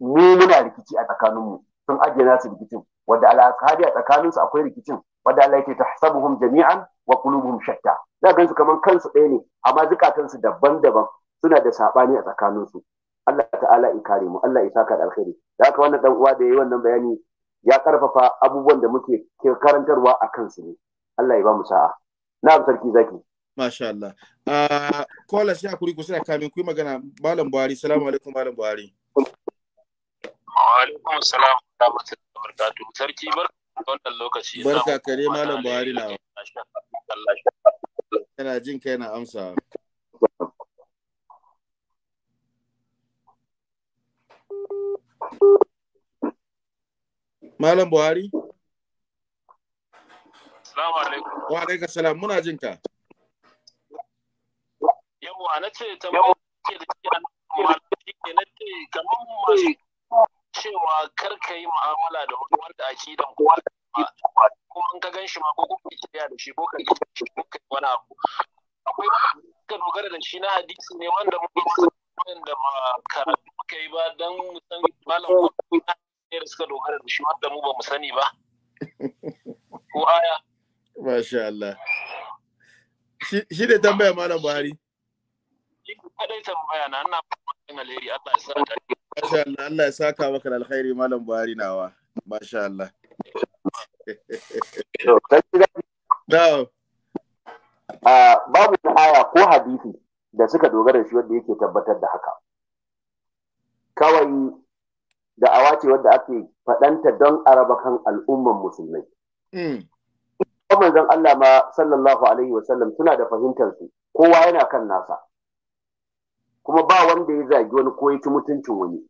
mu muna rikici a tsakaninmu sun ajiye nasu rikicin wadda al'akari a tsakaninsu akwai rikicin wanda Allah yake tahsabuhum jami'an wa qulubuhum shatta za gansu kaman kansu ɗaya ne amma zukatansu daban-daban suna da sabani a tsakaninsu Allah ta'ala in kare mu Allah ya saka da alkhairi da haka wannan dan uwa da yayi wannan bayani ya karfafa abubuwan da muke karantarwa a kansu ne Allah ya ba mu sa'a na sarki zaki Masha Allah. Uh, kola sai hakuri ku sai kamin ku magana Malam Buhari. assalamu alaikum Malam Buhari. Wa alaikum salam wa rahmatullahi wa barakatuh. Sarki barka wannan lokaci barka kare malam buhari na yana jin kai na amsa malam buhari salamu alaikum. Wa alaikum salam muna jin ka. Yawwa na ce ta ke da ke na ce eh, kamar masu cewa kar ka yi mu'amala da wani wanda akidan ko wanda kuma in ka gan shi ma ko kuma ka da shi ko ka gida shi ko ka wani abu akwai wani ka dogara da shi na hadisi ne wanda mun yi da ma karatu muka yi ba dan mu san malam ne da suka dogara da shi wanda mu ba mu sani ba ko aya masha Allah shi ne tambaya malam Buhari shi kadai tambaya na ina fatan alheri Allah ya sa ta Masha Allah, Allah ya saka maka da alkhairi Malam Buhari nawa. Masha Allah. babu aya ko hadisi da suka dogara shi wanda yake tabbatar da haka. Kawai da awa ce wadda ake faɗanta don araba kan al'umman musulmai. Hmm. Kuma manzon Allah ma sallallahu alaihi wasallam suna da fahimtar su kowa yana kan nasa. kuma ba wanda ya zagi wani ko ya ci mutuncin wani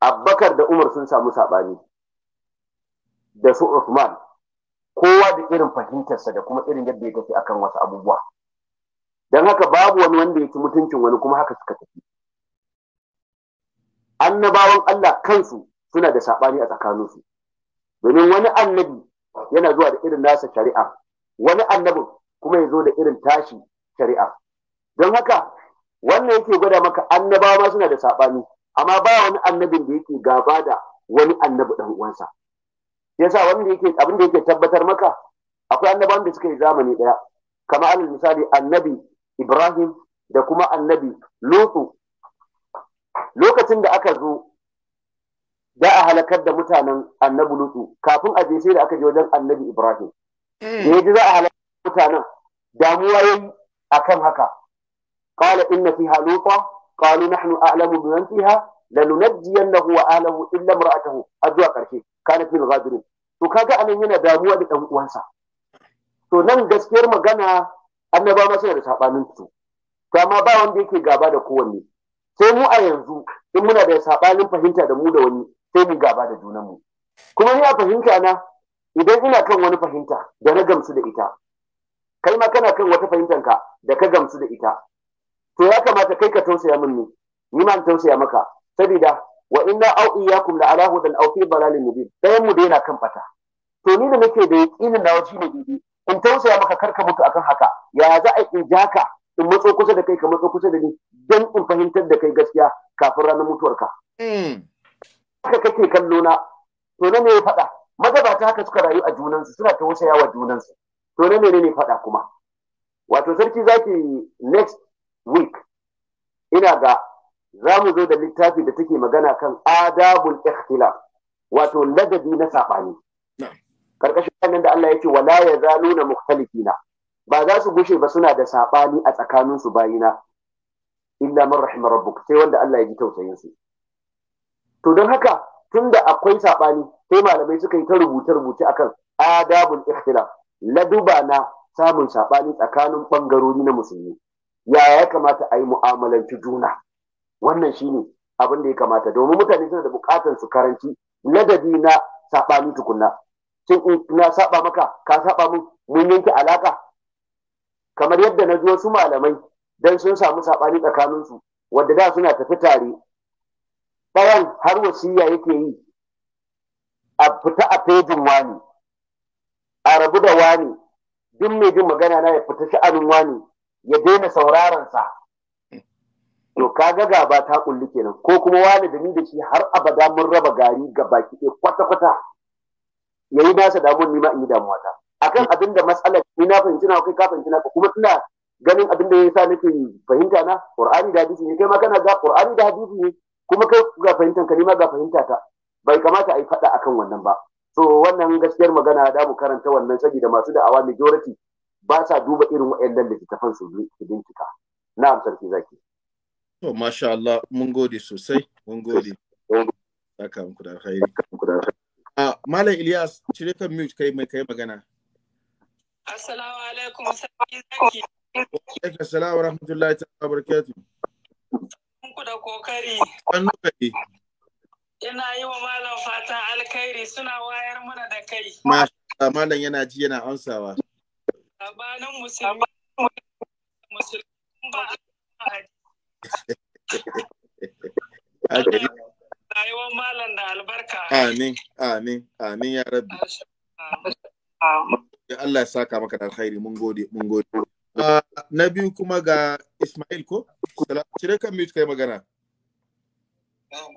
abbakar da umar sun samu saɓani da su Uthman kowa da irin fahimtarsa da kuma irin yadda ya tafi akan wasu abubuwa don haka babu wani wanda ya ci mutuncin wani kuma haka suka tafi annabawan Allah kansu suna da saɓani a tsakaninsu domin wani annabi yana zuwa da irin nasa shari'a wani annabin kuma ya zo da irin tashi shari'a don haka wannan yake gwada maka annabawa ma suna da saɓani amma ba wani annabin da yake gaba da wani annabi dan uwansa yasa wanda yake abin da yake tabbatar maka akwai annabawan da suka yi zamani daya kamar alal misali annabi Ibrahim da kuma annabi Lutu lokacin da aka zo da a halakar da mutanen annabi Lutu kafin a je sai da aka je wajen annabi Ibrahim eh. da ya ji za a halakar da mutanen damuwa yayi akan haka قال إن فيها لوطا قالوا نحن أعلم بمن فيها لننجينه وآله إلا امرأته أزوا قرشي كانت من الغابرين to ga anan yana damuwa da ɗan uwansa to nan gaskiyar magana annaba ma suna da sabanin su to amma ba wanda yake gaba da kowanne sai mu a yanzu in muna da sabanin fahimta da mu da wani sai mu gaba da junanmu kuma ni a fahimta na idan ina kan wani fahimta da na gamsu da ita kai ma kana kan wata fahimtanka da ka gamsu da ita to ya kamata kai ka tausaya min ne ni ma tausaya maka Sabida, wa inna au iyyakum la ala hudan aw fi dalalin mubin dayan mu da yana kan fata to ni da nake da yakinin nawa ne bibi in tausaya maka kar ka mutu akan haka ya za a in jaka in matso kusa da kai ka matso kusa da ni dan in fahimtar da kai gaskiya kafin ranar mutuwarka hmm. haka kake kallo na to na me ya faɗa magabata haka suka rayu a junansu suna tausaya wa junansu to na ne ne faɗa kuma wato sarki zaki next week ina ga za mu zo da littafi da take magana kan adabul ikhtilaf wato ladabi na saɓani karkashin wannan da Allah ya ce wala ya zaluna mukhtalifina ba za su gushe ba suna da saɓani a tsakaninsu bayina illa man rahima rabbuk sai wanda Allah ya ji tausayin su to don haka tunda akwai saɓani sai malamai suka yi ta rubuce rubuce akan adabul ikhtilaf laduba na samun saɓani tsakanin bangarori na musulmi ya ya kamata a yi mu'amalanci juna wannan shine abin da ya kamata domin mutane suna da bukatar su karanci ladabi na saɓani tukunna shin in na saɓa maka ka saɓa min mun yanke alaka kamar yadda na ji su malamai dan sun samu saɓani tsakaninsu wadda da suna tafi tare ɗayan har wasiya yake yi a fita a fejin wani a rabu da wani duk mai jin magana na ya fita sha'anin wani ya daina sauraron sa to kaga gaba ta kulli kenan ko kuma wani da ni da shi har abada mun raba gari ga baki ɗaya kwata kwata yayi nasa damuwa ni ma in yi damuwa ta akan abin da matsalar ni na fahimci na kai ka fahimci na kuma ina ganin abin da ya sa nake fahimta na qur'ani da hadisi ne kai ma kana ga qur'ani da hadisi ne kuma kai ga fahimtan ka ma ga fahimta ta bai kamata a yi faɗa akan wannan ba so wannan gaskiyar magana da mu karanta wannan saboda masu da'awa majority ba sa duba irin waɗannan littattafan su bincika na sarki zaki to masha Allah mun gode sosai mun gode aka muku da alkhairi a ah, malam Ilyas cire kan mute kai mai kai magana assalamu alaikum sarki zaki alaikum assalam wa rahmatullahi ta'ala barakatuh ku da kokari sannu kai ina yi wa malam fatan alkhairi suna wayar mana da kai malam yana ji yana ansawa. Sabanin musulmi musulmi ba a rayuwar malam da albarka. Amin, amin, amin ya rabbi. Allah ya saka maka da alkhairi mun gode, mun gode. Ah, na biyu kuma ga Ismail ko? Cire kan mute kai magana.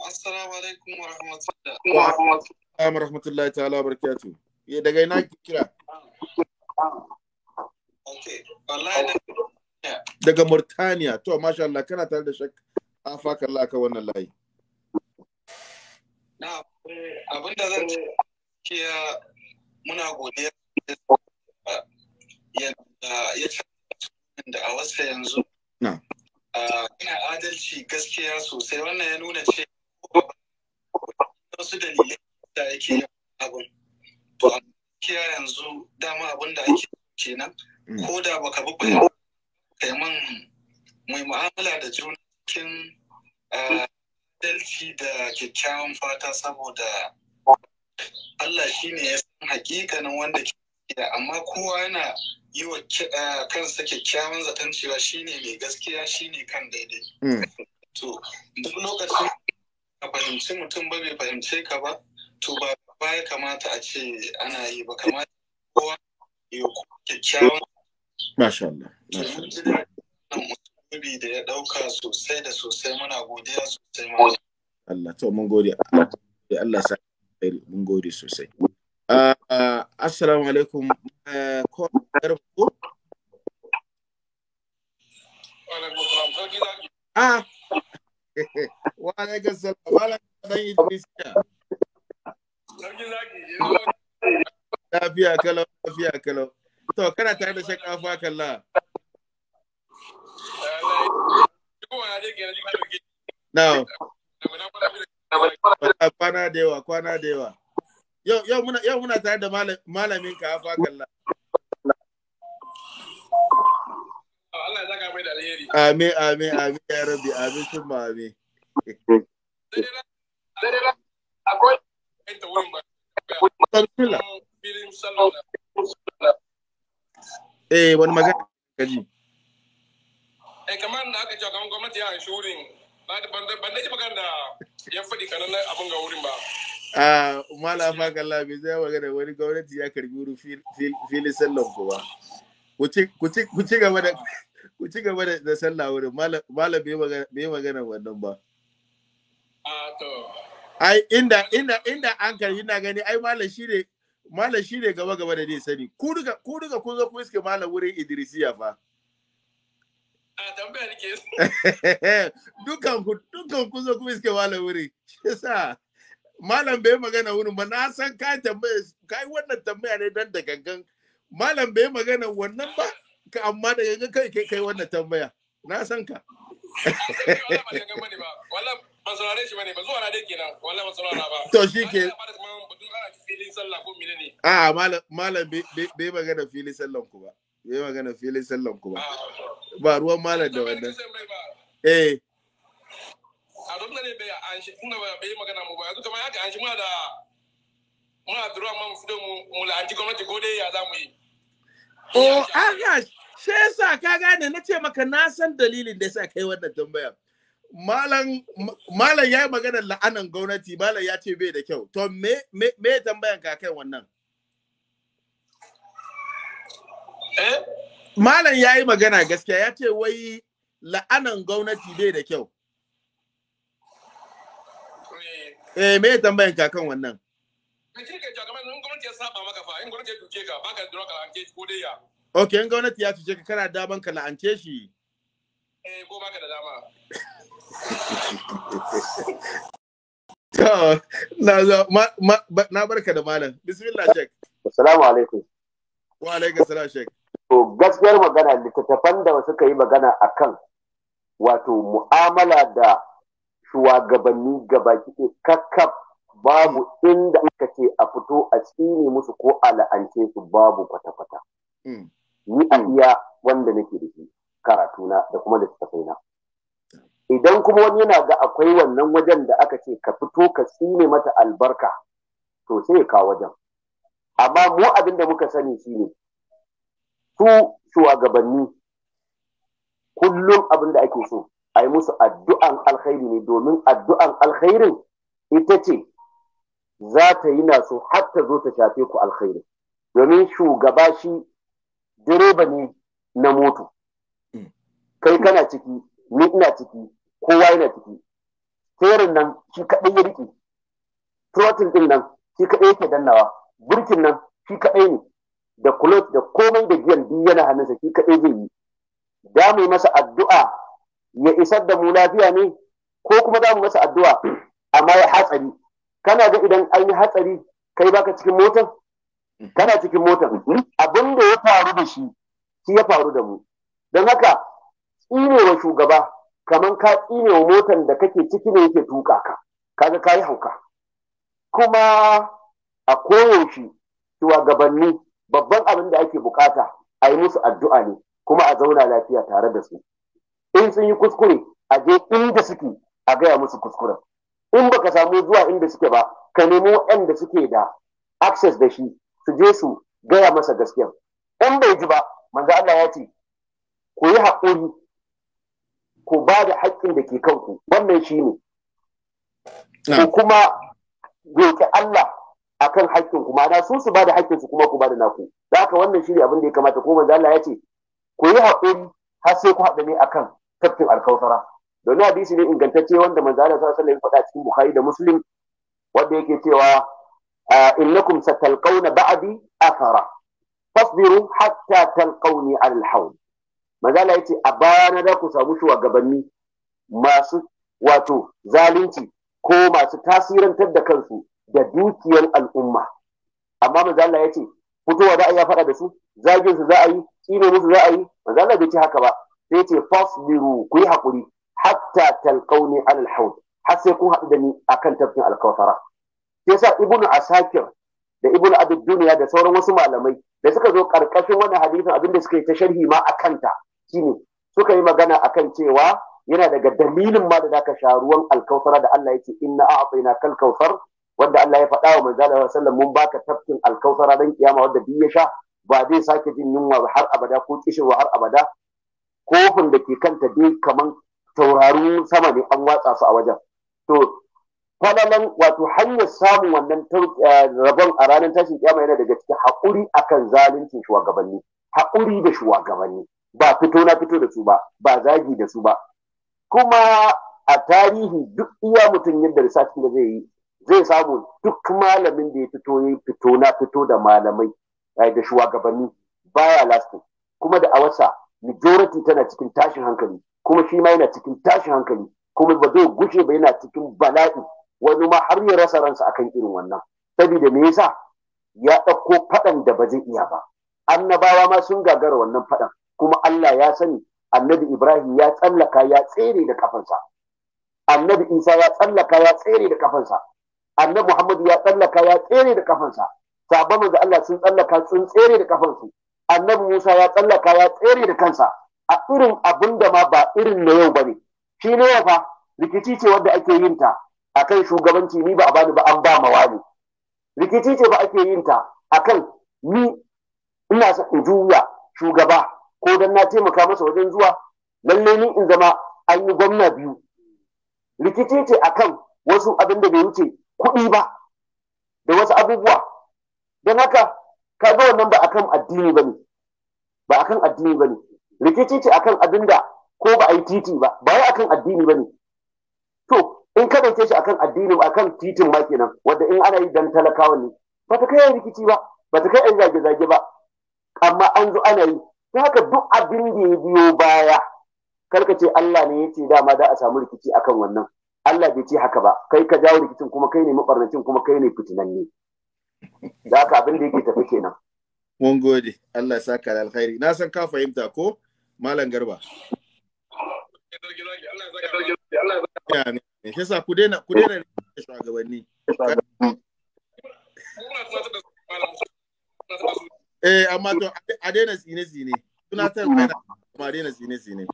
Assalamu alaikum wa rahmatullahi. Wa rahmatullahi ta'ala wa barakatuh. Eh, daga ina kira? daga Murtaniya to masha Allah kana tare da shak an faka Allah ka wannan layi na eh, abin da zan ce muna godiya ya da a wasa yanzu na ah, ina adalci gaskiya sosai wannan ya nuna ce wasu dalilai da ake yin abin to a yanzu dama abin da ake kenan Mm. ko da baka bi mm. kai kai man mai mu'amala da juna cikin ah, adalci da kyakkyawan fata saboda Allah shine ya san hakikanin wanda ke da amma kowa yana yi wa ah, kansa kyakkyawan zaton cewa shine mai gaskiya shine kan daidai mm. to duk lokacin ka fahimci mutum ba bai fahimce ka ba to ba ya kamata a ce ana yi ba kamata kowa yi kyakkyawan Masha Allah. da ya ɗauka to mun gode. Allah sa mun gode sosai. Ah, ah, assalamu alaikum. Eh, ko Ah. Wa alaikum salam. Wa alaikum dan Idris. Lafiya kalau lafiya kalau. To, kana tare da shakka fa kalla. Now, kwana da yawa, kwana da yawa. Yau muna yau muna tare da malamin ka fa kalla. Allah Amin, amin, amin, ya rabbi, eh wani magana ka ji eh kamar da aka cewa kamar gwamnati ya ba wurin ban da ji magana da ya faɗi kanan abin ga wurin ba a ah, mala fakalla bai zai magana wani gwamnati ya karbi wurin filin sallan ku ba ku ci gaba da ku ci gaba da sallah wurin malam bai magana wannan ba ah, ai inda inda inda an karbi na gani ai malam shi ne mala shi ne gaba gaba da zai sani ku duka ku kun zo kun iske mala wurin idrisiya fa a tambayar ke dukan ku dukan kun zo kun iske mala wurin yasa malam bai magana wurin ba na san ka tambaya kai wannan tambaya ne dan da gangan malam bai magana wannan ba ka amma da gangan kai kai kai wannan tambaya na san ka wallahi ban saurare shi bane ba zuwa na dai kenan wallahi ban saurara ba to shike A'a malam bai magana filin sallan ku ba. ruwan malam da wannan. Eh. ne be an shi be magana mu ba yanzu kamar haka an shi da mu fito mu gwamnati ya za mu oh, ah, ka gane na ce maka na san dalilin da yasa kai wannan tambayar. malam malam ya yi maganar la'anan gwamnati malam ya ce bai da kyau to me me me tambayan ka kai wannan eh malam ya yi magana gaskiya ya ce wai la'anan gwamnati bai da kyau eh me tambayan ka kan wannan Ok, in gwamnati ya cuce ka kana daban ka la'ance shi. Eh, ko baka da dama. na barka da malam. Bismillah Sheikh. Assalamu alaikum. Wa alaikum salam Sheikh. To gaskiyar magana littattafan da suka yi magana akan wato mu'amala da shugabanni kike, kakkaf babu inda aka ce a fito a tsine musu ko a la'ance su babu kwata-kwata. Mm. Ni a iya wanda nake da shi karatuna da kuma littattafai na. idan kuma wani yana ga akwai wannan wajen da aka ce ka fito ka tsine mata albarka to sai ya kawo wajen amma mu abin da muka sani shine su shugabanni kullum abin da ake so a yi musu addu'an alkhairi ne domin addu'an alkhairin ita ce za ta yi naso har ta zo ta shafe ku alkhairi domin shugaba shi direba ne na moto mm. kai kana ciki ni ina ciki kowa yana ciki ferin nan shi kaɗai ya riƙe protein ɗin nan shi kaɗai yake dannawa burkin nan shi kaɗai ne da kulot da komai da giyan duk yana hannunsa shi kaɗai zai yi da mu yi masa addu'a ya isar da mu lafiya ne ko kuma za mu masa addu'a amma ya hatsari kana ga idan an yi hatsari kai baka cikin motar kana cikin motar abin da ya faru da shi shi ya faru da mu don haka tsinewa shugaba kaman ka tsine wa motan da kake ciki ne yake tuka ka kaga ka yi hauka kuma a koyaushe shugabanni babban abin da ake bukata a yi musu addu'a ne kuma a zauna lafiya tare da su in sun yi kuskure a je inda suke a gaya musu kuskuren in baka samu zuwa inda suke ba ka nemo waɗanda suke da access da shi su je su gaya masa gaskiya in bai ji ba manzo Allah ya ce ku yi haƙuri ku ba da haƙƙin da ke kanku wannan shi ne ku kuma roƙi Allah akan haƙƙin ku ma'ana su su ba da haƙƙin kuma ku ba da naku da haka wannan shi ne abin da ya kamata ko manzo ya ce ku yi haƙuri har sai ku haɗa ne akan tafkin alkautara domin hadisi ne ingantacce wanda manzo Allah sallallahu alaihi wasallam ya faɗa cikin Bukhari da Muslim wanda yake cewa innakum satalqawna ba'di athara fasbiru hatta talqawni al Magana ya ce a baya na za ku samu shugabanni masu wato zalunci ko masu tasirantar da kansu da dukiyar al'umma. Amma mazala ya ce fitowa za a ya faɗa da su zagin su za a yi tsine musu za a yi mazala bai ce haka ba sai ce fas biro ku yi haƙuri hatta talqauni alal har sai kun haɗu da ni a kan tafkin alkawfara. Sai sa Ibnu Asakir da Ibnu abid duniya da sauran wasu malamai da suka zo ƙarƙashin wannan hadisin abinda suka yi ta sharhi ma a kanta shine suka yi magana akan cewa yana daga dalilin ma da zaka sha ruwan alkausara da Allah ce inna a'tayna kal kausar wanda Allah ya faɗa wa manzo Allah sallallahu mun baka tafkin alkausara dan kiyama wanda bi ya sha ba zai sake jin yunwa har abada ko kishirwa har abada kofin da ke kanta dai kaman taurarin sama ne an watsa su a wajen to falalan wato hanyar samun wannan eh, rabon a ranar tashin kiyama yana daga cikin haƙuri akan zaluncin shugabanni haƙuri da shugabanni ba fito na fito da su ba ba zagi da su ba kuma a tarihi duk iya mutum yadda research da zai yi zai samu duk malamin da ya fito ya fito na fito da malamai eh, da shugabanni baya lasting kuma da awasa majority tana cikin tashin hankali kuma shi ma yana cikin tashin hankali kuma ba zai gushe ba yana cikin bala'i wani ma har ya rasa ransa akan irin wannan saboda me yasa ya ɗauko faɗan da ba zai iya ba annabawa ma sun gagara wannan faɗan kuma Allah ya sani annabi Ibrahim ya tsallaka ya tsere da kafansa annabi Isa ya tsallaka ya tsere da kafansa annabi Muhammad ya tsallaka ya tsere da kafansa sabon manzo Allah sun tsallaka sun tsere da kafansu annabi Musa ya tsallaka ya tsere da kansa a irin abin da ma ba irin na yau bane shi ne fa rikici ce wanda ake yin ta akan shugabanci ni ba a bani ba an ba ma wani rikici ce ba ake yin ta akan ni ina sa in juya shugaba ko dan na taimaka masa wajen zuwa lallai ni in zama an yi gwamna biyu rikici ce akan wasu abin da bai wuce kuɗi ba da wasu abubuwa don haka ka ga wannan ba akan addini ba ne ba akan addini ba ne rikici ce akan abin da ko ba a yi titi ba ba yi akan addini ba ne to in ka dauke shi akan addini ba akan titin ma kenan wanda in ana yi dan talakawa ne ba ta kai rikici ba ba ta kai yan zage-zage ba amma an zo ana yi haka duk abin da ya biyo baya karka ce Allah ne ce dama da a samu rikici akan wannan Allah bai ce haka ba kai ka jawo rikicin kuma kai ne mabarnacin kuma kai ne fitinanne za ka abin da yake tafi kenan mun gode Allah ya saka da alkhairi na san ka fahimta ko malam garba shi sa ku daina ku daina shugabanni eh amma to a daina zine zine tunatar kai na kuma a daina zine zine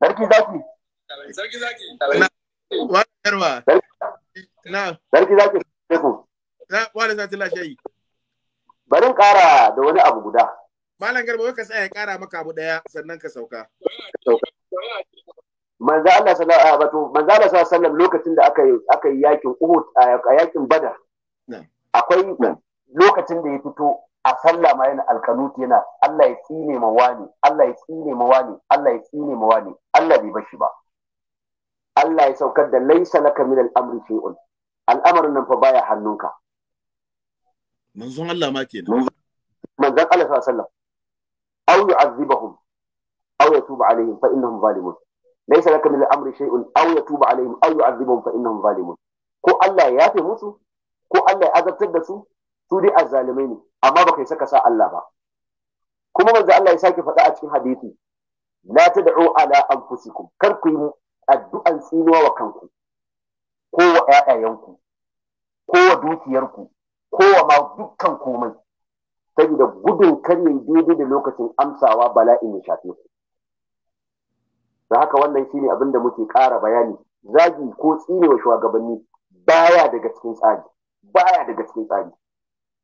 sarki zaki sarki zaki wa yarwa na sarki zaki ko na wala zati la shayi barin kara da wani abu guda malam garba wai ka tsaya kara maka abu daya sannan ka sauka manzo Allah sallallahu alaihi wasallam manzo Allah sallallahu alaihi wasallam lokacin da aka yi aka yi yakin Uhud a yakin Badar akwai lokacin da ya fito sallah ma yana alkanuti yana Allah ya tsine ma wani Allah ya tsine ma wani Allah ya tsine ma wani Allah bai bashi ba Allah ya saukar da laisa laka min al'amri shay'un al'amarin nan fa baya hannunka manzon Allah ma kenan manzon Allah sallallahu alaihi wasallam aw yu'azzibahum aw yatubu alaihim fa innahum zalimun laisa laka min al'amri shay'un aw yatubu alaihim aw yu'azzibahum fa innahum zalimun ko Allah ya yafe musu ko Allah ya azabtar da su su dai azzalumai ne amma baka saka sa Allah ba kuma manzo Allah ya sake faɗa a cikin hadisi la tad'u ala anfusikum kar ku yi addu'an tsinuwa wa kanku ko wa ƴaƴayenku ko wa dukiyarku ko wa ma dukkan komai saboda gudun kar daidai da lokacin amsawa bala'in ya shafe ku da haka wannan shine abin da muke ƙara bayani zagi ko tsinewa shugabanni baya daga cikin tsari baya daga cikin tsari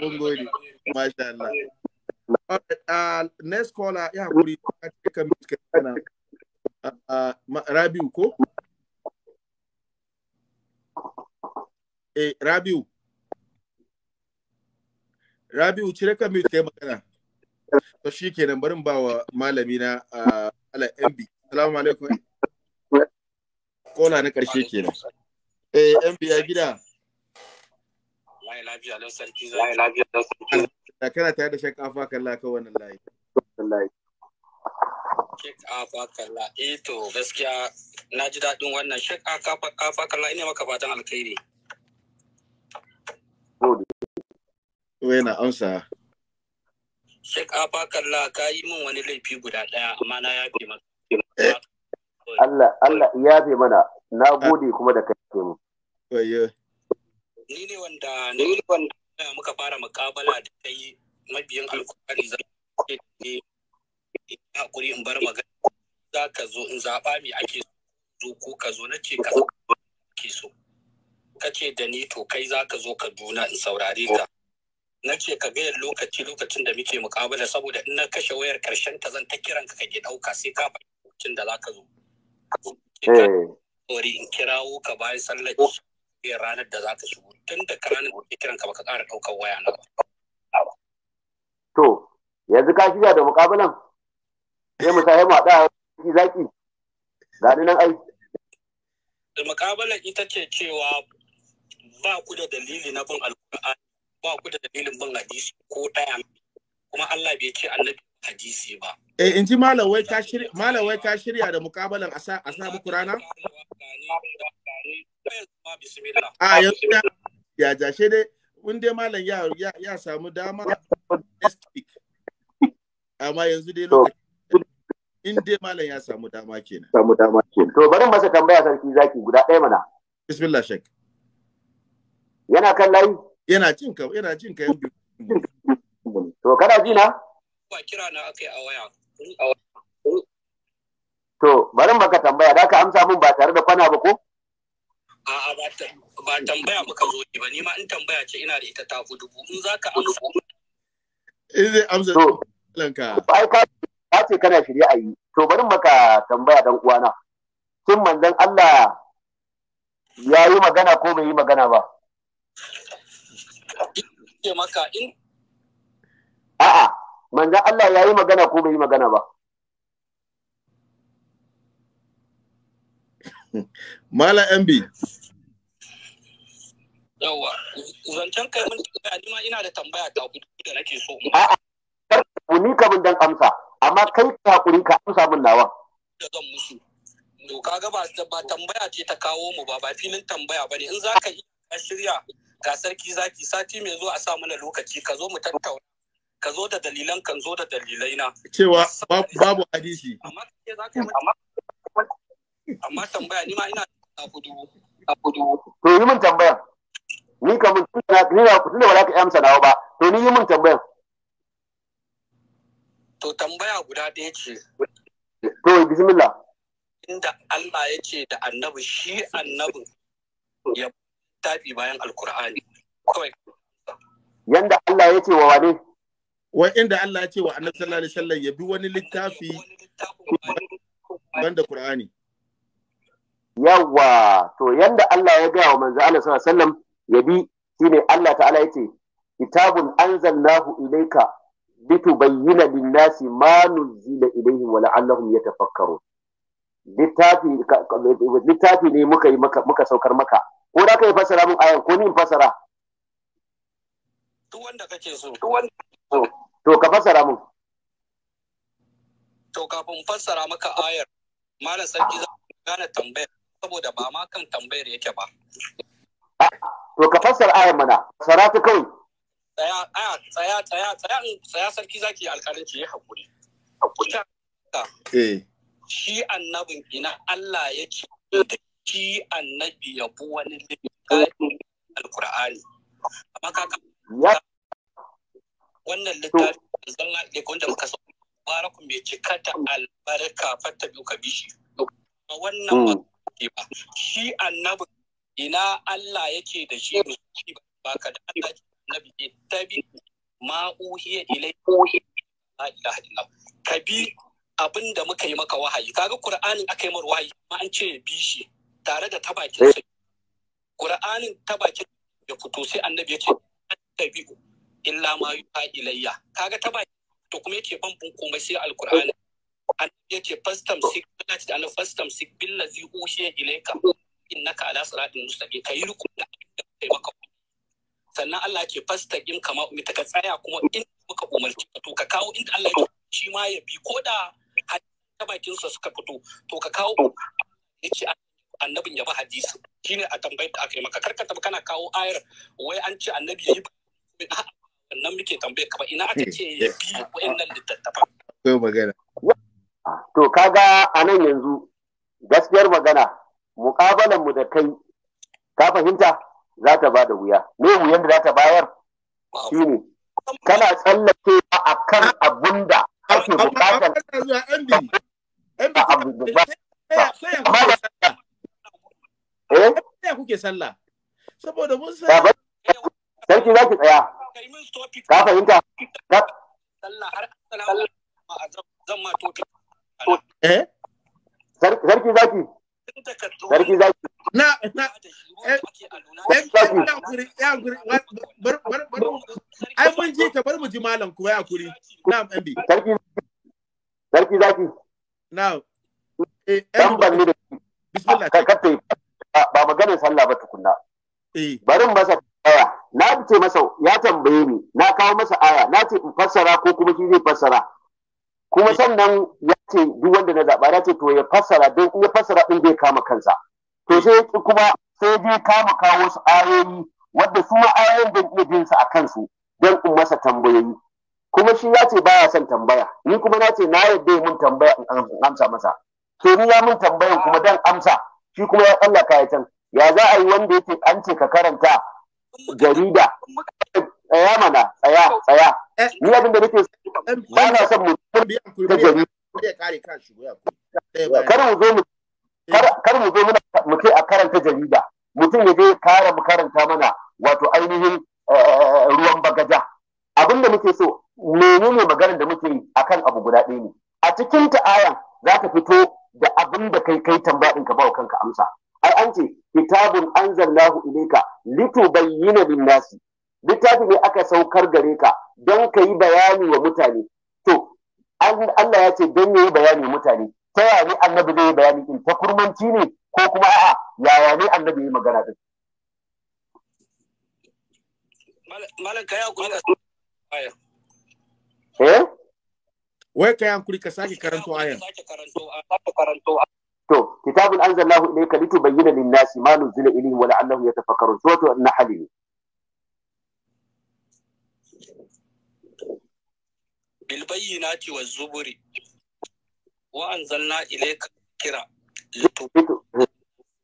Mun gode. Masha Allah. All right, uh, next caller ya hakuri ka cika miska kana. Uh, uh Rabiu ko? Eh, Rabiu. Rabiu cire ka mute kai magana. To shi ke nan barin ba wa malami na uh, ala MB. Assalamu alaikum. Kola na karshe kenan. Eh MB ya gida. Wallahi lafiya don sarki zai. Wallahi lafiya don sarki zai. Kana tare da shakka afa kalla ka wannan layi. Wallahi. Shek afa kalla eh to gaskiya na ji daɗin wannan shek afa kalla ina maka fatan alkhairi. Wai na amsa. Shek afa kalla ka yi min wani laifi guda ɗaya amma na yafe maka. Eh, Allah Allah ya yafe mana na gode kuma da kai mu. Oyo. ni ne wanda ni ne wanda muka fara mukabala da kai mabiyan alkurani za ka ne kuri in bar magana za ka zo in zaɓa me ake zo ko ka zo na ce ka ke so ka ce da ni to kai za ka zo kaduna in saurare ka na ce ka ga lokaci lokacin da muke mukabala saboda in na kashe wayar karshen ta zan ta kiran ka kake dauka sai ka faɗi lokacin da za ka zo. Kori eh. in kirawo ka bayan sallar iya ranar da za ka shigo tun da ranar gobe kiran ka baka ƙara ɗaukar waya na ba. To yanzu ka shiga da muƙabalan sai mu sahi maɗa ɗaya zaki ga ni nan aiki. Da muƙabalan ita ce cewa ba ku da dalili na bin alƙur'ani ba ku da dalilin bin hadisi ko ɗaya kuma Allah bai ce annabi hadisi ba. Eh, in ji malawai ta shirya, malawai ta shirya da mukabalan a sa muku rana? A yanzu ya ya jashe dai kun dai malam ya ya, samu dama next week. Amma yanzu dai lokaci in dai malam ya samu dama kenan. Samu dama kenan. To bari masa tambaya sarki zaki guda ɗaya mana. Bismillah shek. Yana kan layi? Yana jin ka, yana jin ka yanzu. To kana ji na? ba kira na aka yi a waya. To, barin baka tambaya, da ka amsa mun ba tare da kwana ba ko? A ba tambaya muka zo ne ba, nima in tambaya ce ina da ita ta fi dubu, in za ka amsa. In eh, zai amsa lanka. Ai ka ka ce kana shirye a yi, to barin baka tambaya dan uwana. Shin manzon Allah ya yi magana ko bai yi magana ba? Ke maka in? A'a, manzan Allah ya yi magana ko bai yi magana ba Mala MB Yawwa, zancen kai mun tambaya ni ma ina da tambaya ta da nake so a'a ni ka mun dan amsa amma kai ka hakuri ka amsa mun nawa da zan musu to ka ba ba tambaya ce ta kawo mu ba ba filin tambaya ba ne, in za ka yi shirya ga sarki zaki sati mai zo a sa mana lokaci ka zo mu tattauna ka zo da dalilan kan zo da dalilai na cewa babu hadisi amma tambaya ni ma ina a kudu a kudu to yi min tambaya ni ka mun tuna tuna wala ka amsa dawo ba to ni yi min tambaya to tambaya guda ɗaya ce to bismillah inda Allah ya ce da annabi shi annabin ya tafi bayan alkur'ani kawai yanda Allah ya ce wa wane wa inda Allah ya ce wa annabi sallallahu alaihi wasallam ya bi wani littafi banda Qur'ani yawa to yanda Allah ya ga wa manzo Allah sallallahu alaihi wasallam ya bi shine Allah ta'ala yace kitabun anzalnahu ilayka litubayyana lin-nasi ma nuzila ilayhim wa la'allahum yatafakkarun littafi littafi ne muka yi maka muka saukar maka ko da kai fasara mun ayan ko ni in fasara duk wanda kake so duk wanda to ka fassara mu to kafin fassara maka ayar malam sarki za gane tambayar saboda ba ma kan tambayar yake ba to ka fassara ayar mana fassara ta kawai tsaya tsaya tsaya tsaya tsaya sarki zaki alƙalanci ya hakuri hakuri eh. shi annabin ina Allah ya ce shi annabi ya bu wani littafi alkur'ani amma kaka wannan littafin zan haɗe wanda muka sa barakun bai cika da albarka fatta biyu ka bishi wannan hmm. ba ba shi annabi ina Allah yake da shi musulmi ba Ba ka da Allah annabi ittabi ma uhiya ilayhi la ilaha illallah ka bi abin da muka yi maka wahayi kaga qur'anin aka yi mar wahayi ma an ce ya bi shi tare da tabakin sa eh. qur'anin tabakin ya fito sai annabi ya ce tabi'u illa ma yuha ilayya kaga ta bai to kuma yake bambun komai sai alqur'ani an yace fastam sik billati annabi fastam sik billazi ushiya ilayka innaka ala siratin mustaqim kai rukun da kai maka sannan Allah ke fastaqim kama umita ka tsaya kuma in muka umarci to ka kawo inda Allah yake shi ma ya bi ko da ta bakin sa suka fito to ka kawo yace annabin ya ba hadisi shine a tambayar da aka yi maka karkata kana kawo ayar wai an ce annabi ya yi nan muke tambaye ka ba ina aka ce ya eh, bi eh. wa'annan littattafan to magana to kaga a nan yanzu gaskiyar magana muƙabalan mu da kai ka fahimta za ta ba da wuya me wuyan da za ta bayar Shi ne. kana tsallake a kan abun da ake bukatar Eh? Ya kuke sallah saboda mun san sarki za ki tsaya Kai min Ka fahimta. Allah har zan ma Eh? Sarki zaki. Sarki zaki. Na na eh, eh bar bar bar ai mun ji ka bar mu ji malam ku ya Sarki Sarki zaki. na, Eh Bismillah. Ka ba maganar sallah ba tukunna. Eh. Barin masa tsaya. na ce masa ya tambaye ni na kawo masa aya na ce in fassara ko kuma shi zai fassara kuma eh. sannan ya ce duk wanda na zaɓa na ce to ya fassara don iya ya fassara ɗin zai kama kansa to eh. sai kuma sai zai kama kawo wasu ayoyi wadda su ma ayoyin zan iya jinsa a kansu don in masa tambayoyi kuma shi ya ce baya son tambaya ni kuma na ce na yadda mun tambaya in amsa masa to ni ya mun tambayan kuma dan amsa shi kuma ya tsallaka ya can ya za a yi wanda yake an ce ka karanta jarida tsaya mana tsaya tsaya eh, ni abin da nake eh, ba na son mu eh, ta jarida kar mu zo mu kar mu kai a karanta jarida mutum ya je kara mu karanta mana wato ainihin ruwan bagaja abin da muke so menene maganar da muke yi akan abu guda ɗaya ne a cikin ta ayan za ka fito da abin da kai kai tambayin ka wa kanka amsa ai an ce kitabun anzalnahu ilayka litubayyana lin-nasi littafi ne aka saukar gare ka don ka yi bayani wa mutane to Allah ya ce don yi bayani mutane ta yaya ne annabi zai yi bayani din ta kurmanci ne ko kuma a'a yaya ne annabi yi magana din malam ka ya eh wai ka yankuri ka sake karanto ayan sake karanto to kitabun anzalnahu ilayka litubayyana lin-nasi ma nuzila ilayhim wa la'allahum yatafakkarun suratul nahl ne bil bayyinati waz zuburi wa anzalna ilayka kira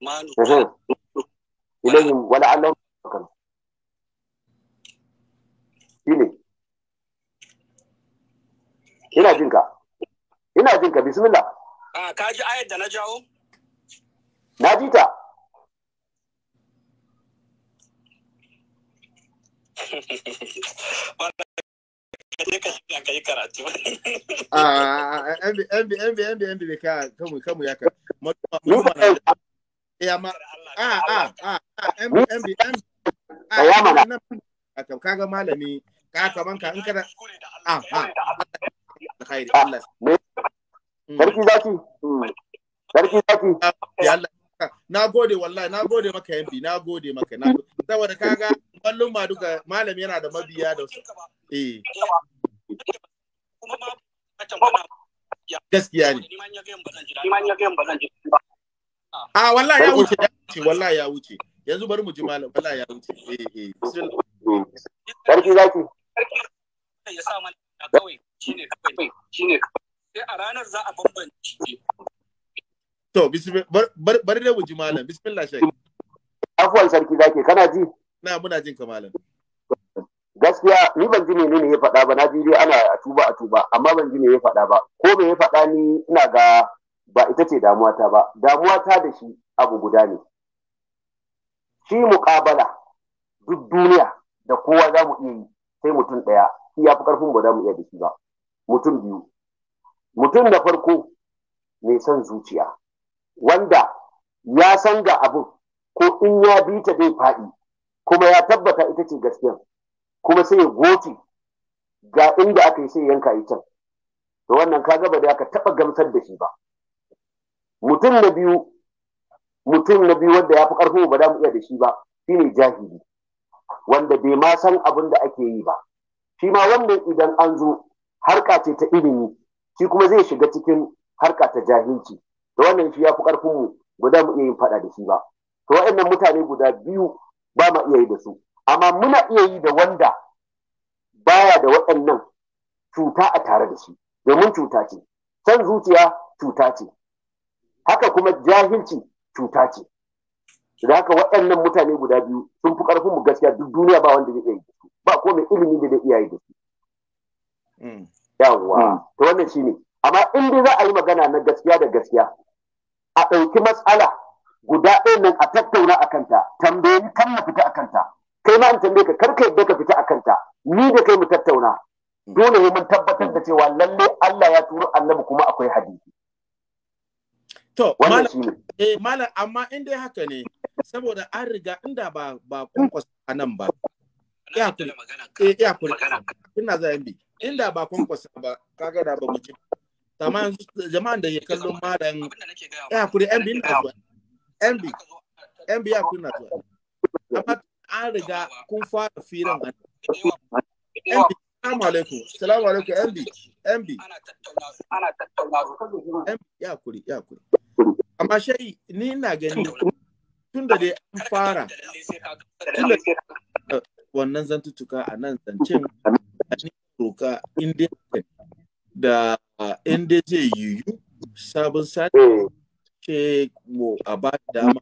ma nuzila ilayhim wa la'allahum yatafakkarun shine ina jinka ina jinka bismillah Ka ji ayar da na jawo? Na ji ta. kaga eh, malami ka kaman ka in a a Mm. sarki zaki mm. sarki zaki na gode wallahi na gode maka yambi na gode maka na saboda kaga mallum ma duka malam yana da mabiya da su eh gaskiya ne a ah, wallahi ya wuce ya wuce wallahi ya wuce yanzu bari mu ji malam wallahi ya wuce eh eh sarki zaki ya sa kawai shine kawai shine kawai sai a ranar za a bambance to bar da wuji malam bismillah shek afwan sarki zake kana ji na muna jin ka malam gaskiya ni ban ji menene ya faɗa ba na ji dai ana a tuba a tuba amma ban ji me ya faɗa ba ko me ya faɗa ni ina ga ba ita ce damuwata ba damuwata da shi abu guda ne shi muƙabala duk duniya da kowa zamu iya yi sai mutum ɗaya shi ya fi ƙarfin ba za iya da ba mutum biyu mutum na farko mai son zuciya wanda ya san ga abin ko in ya bi ta zai faɗi kuma ya tabbata ita ce gaskiya kuma sai ya goce ga inda aka yi sai yanka yi can to wannan ka gaba da aka taɓa gamsar da shi ba mutum na biyu mutum na biyu wanda ya fi ƙarfin ba da mu iya da shi ba shine jahili wanda bai ma san abin da ake yi ba shi ma wannan idan an zo harka ce ta ilimi shi kuma zai shiga cikin harka ta jahilci da wannan shi ya fi ƙarfin mu guda mu iya yin faɗa da shi ba to waɗannan mutane guda biyu ba ma iya yi da su amma muna iya yi da wanda baya da waɗannan cuta a tare da shi domin cuta ce san zuciya cuta ce haka kuma jahilci cuta ce da haka waɗannan mutane guda biyu sun fi ƙarfin mu gaskiya duk duniya ba wanda zai iya yi da su ba ko mai ilimi da zai iya yi da su hmm. yawwa ah. to wannan shi ne. amma in dai za a yi magana na gaskiya da gaskiya a ɗauki matsala guda ɗaya nan a tattauna a kanta tambaye ni kan na fita a kanta kai ma in tambaye ka kar ka yadda ka fita a kanta ni da kai mu tattauna hmm. dole ne mun tabbatar da cewa lalle Allah ya turo annabi kuma akwai hadisi to eh amma in dai haka ne saboda an riga inda ba ba kwankwas a nan ba ya kula magana ka eh, ya kula ina bi inda ba kwankwasa ba kaga da ba mu ji amma yanzu jama'an da ke kallon malam ya kuri MB na zuwa MB MB ya kuri na zuwa amma an riga kun fara firan ba MB Assalamu alaikum Assalamu alaikum MB MB ana tattauna MB ya kuri ya kuri amma shayi ni ina gani tun da dai an fara tun da wannan zantutuka a nan zancen Doka inda da inda zai yiwu sabon sati hmm. ce mo a ba dama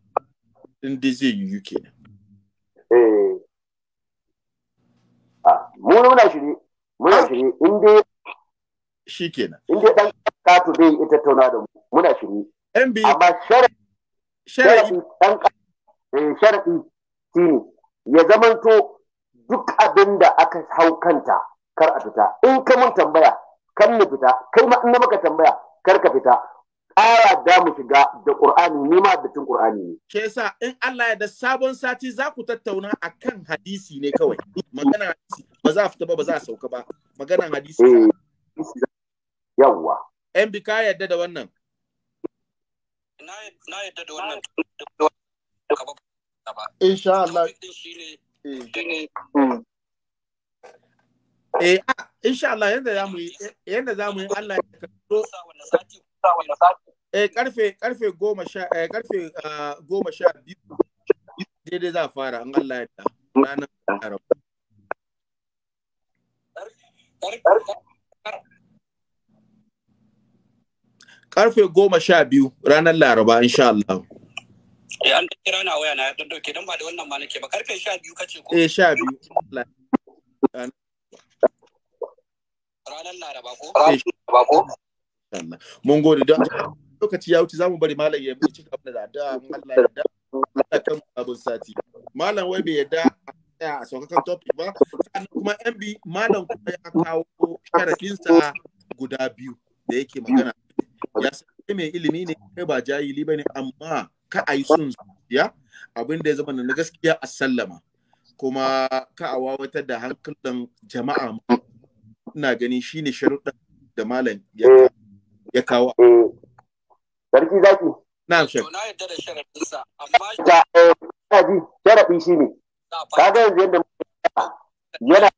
inda zai yiwu ke. nan. Hmm. Ah, muna shiri, muna ah. shiri inda shi nan. Inda ɗan katu zai ita tauna da mu muna shiri. NBA amma sharaɗi ɗan eh, sharaɗi ne ya zamanto duk abin da aka hau kanta kar a fita in ka mun tambaya kan ni fita kai ma in na maka tambaya kar ka fita ƙara da mu shiga da Qur'ani ni ma da tun Qur'ani ne ke yasa in Allah ya da sabon sati za ku tattauna akan hadisi ne kawai magana hadisi ba za a fita ba ba za a sauka ba magana hadisi eh yawwa yan bi ka yadda da wannan na yadda da wannan insha Allah shine eh. hmm. eh ah, insha Allah yanda mu yi yanda mu yi Allah ya kaso eh karfe karfe goma sha eh karfe ah, goma sha biyu daidai za a fara an Allah ya da ranar Arab karfe goma sha biyu ranar laraba insha Allah. Eh an kira na waya na don dauke don ba da wannan ma nake ba karfe sha biyu kace ko? Eh sha biyu. Allah ranar laraba ko mun gode da lokaci ya wuce zamu bari malam ya ci gaba da da Allah ya da Allah kan abun sati malam wai bai yadda a saukakan topic ba sannan kuma MB malam kuma ya kawo sharafinsa guda biyu da yake magana ya sai mai ilimi ne kai ba jahili bane amma ka ayi sun ya? abin da ya zama na gaskiya a sallama kuma ka a wawatar da hankalin jama'a ina gani shine sharuɗan da malam ya eh. kawo eh. sarki zaki na shi eh, na yadda da sharadin sa amma ta ji ne. Ka kaga yanzu yadda yana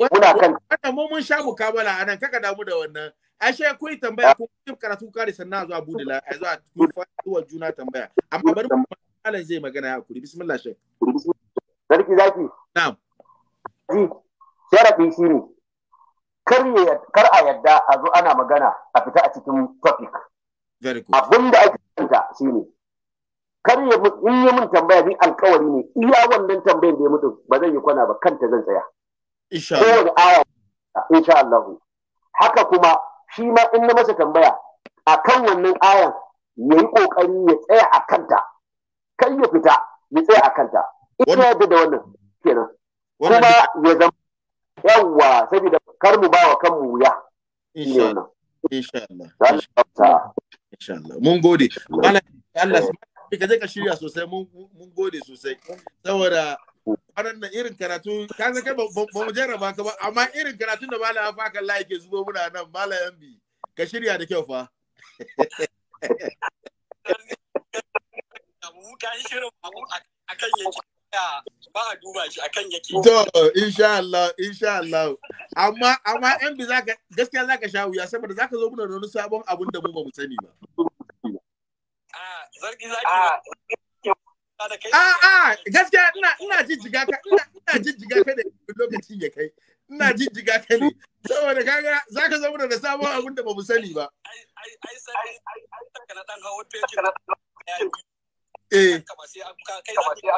muna kan wannan mu mun sha mu kabala anan kaka damu da wannan ashe kun tambaya kun yi karatu kare sannan zuwa budila a zuwa wa juna tambaya amma bari mu malam zai magana ya kuri bismillah shek sarki zaki na'am ji shi ne. kar a yadda a zo ana magana a fita a cikin topic abin da ake kanta shi ne kar ya in yi min tambaya ni alkawari ne iya wannan tambayar da ya mutu ba zan yi kwana ba kanta zan tsaya aya insha Allah haka kuma shi ma in na masa tambaya a kan wannan ayan ya yi kokari ya tsaya a kanta kan ya fita ya tsaya a kanta ina yadda da wannan kenan kuma ya zama yawwa saboda kar mu bawa wa kanmu wuya insha Allah insha mun gode Allah eh. ka je ka shirya sosai mun gode sosai saboda kwanan irin karatu ka ga kai ba mu jarraba ka ba amma irin karatu da malam F'a ka layi ke zubo muna nan malam yambi ka shirya da kyau fa kan shirin akan yanki ba a duba shi akan yake. To, insha Allah, insha Allah. Amma amma yan bi ka gaskiya sha wuya saboda ka zo muna da wani sabon abin da mu ba mu sani ba. Ah, zargi zaki. A'a, gaskiya ina ina jijjiga ka ina ina jijjiga ka ne lokacin ya kai. Ina jijjiga ka ne. Saboda kaga zaka zo muna da sabon abin da ba mu sani ba. Ai ai sai ai eh. sai kana dan hawo page. Eh. Kai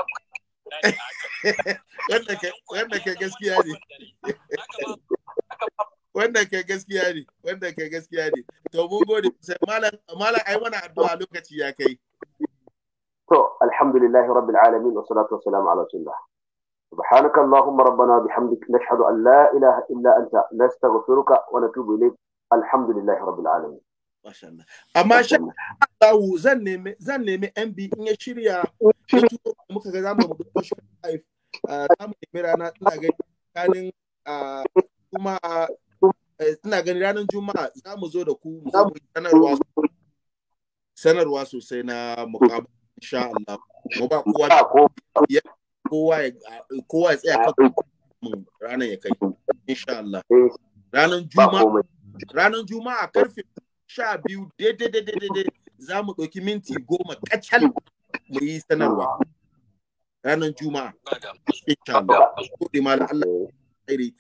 Wanda ke gaskiya ne. Wanda ke gaskiya ne. Wanda ke gaskiya ne. To mun gode malam malam ai addu'a lokaci ya kai. To alhamdulillah rabbil alamin wa salatu wa salam ala rasulillah. سبحانك اللهم ربنا بحمدك نشهد أن لا إله إلا أنت نستغفرك ونتوب إليك الحمد لله رب العالمين amma sha Allahu zan nemi zan nemi MB in ya shirya muka ga zamu mu dubo shi live ah, zamu nemi rana ina ga kanin ah, kuma eh, ina gani ranar juma'a za mu zo da ku mu samu sanarwa sanarwa sosai na mukabu insha Allah mu ba kowa ya kowa ya ah, kowa ya tsaya kan ranar ya kai insha Allah eh, ranar juma'a ranar juma'a karfe sha biyu daidai za mu ɗauki minti goma kacal mu yi sanarwa ranar juma'a. Insha Allah. malam Allah.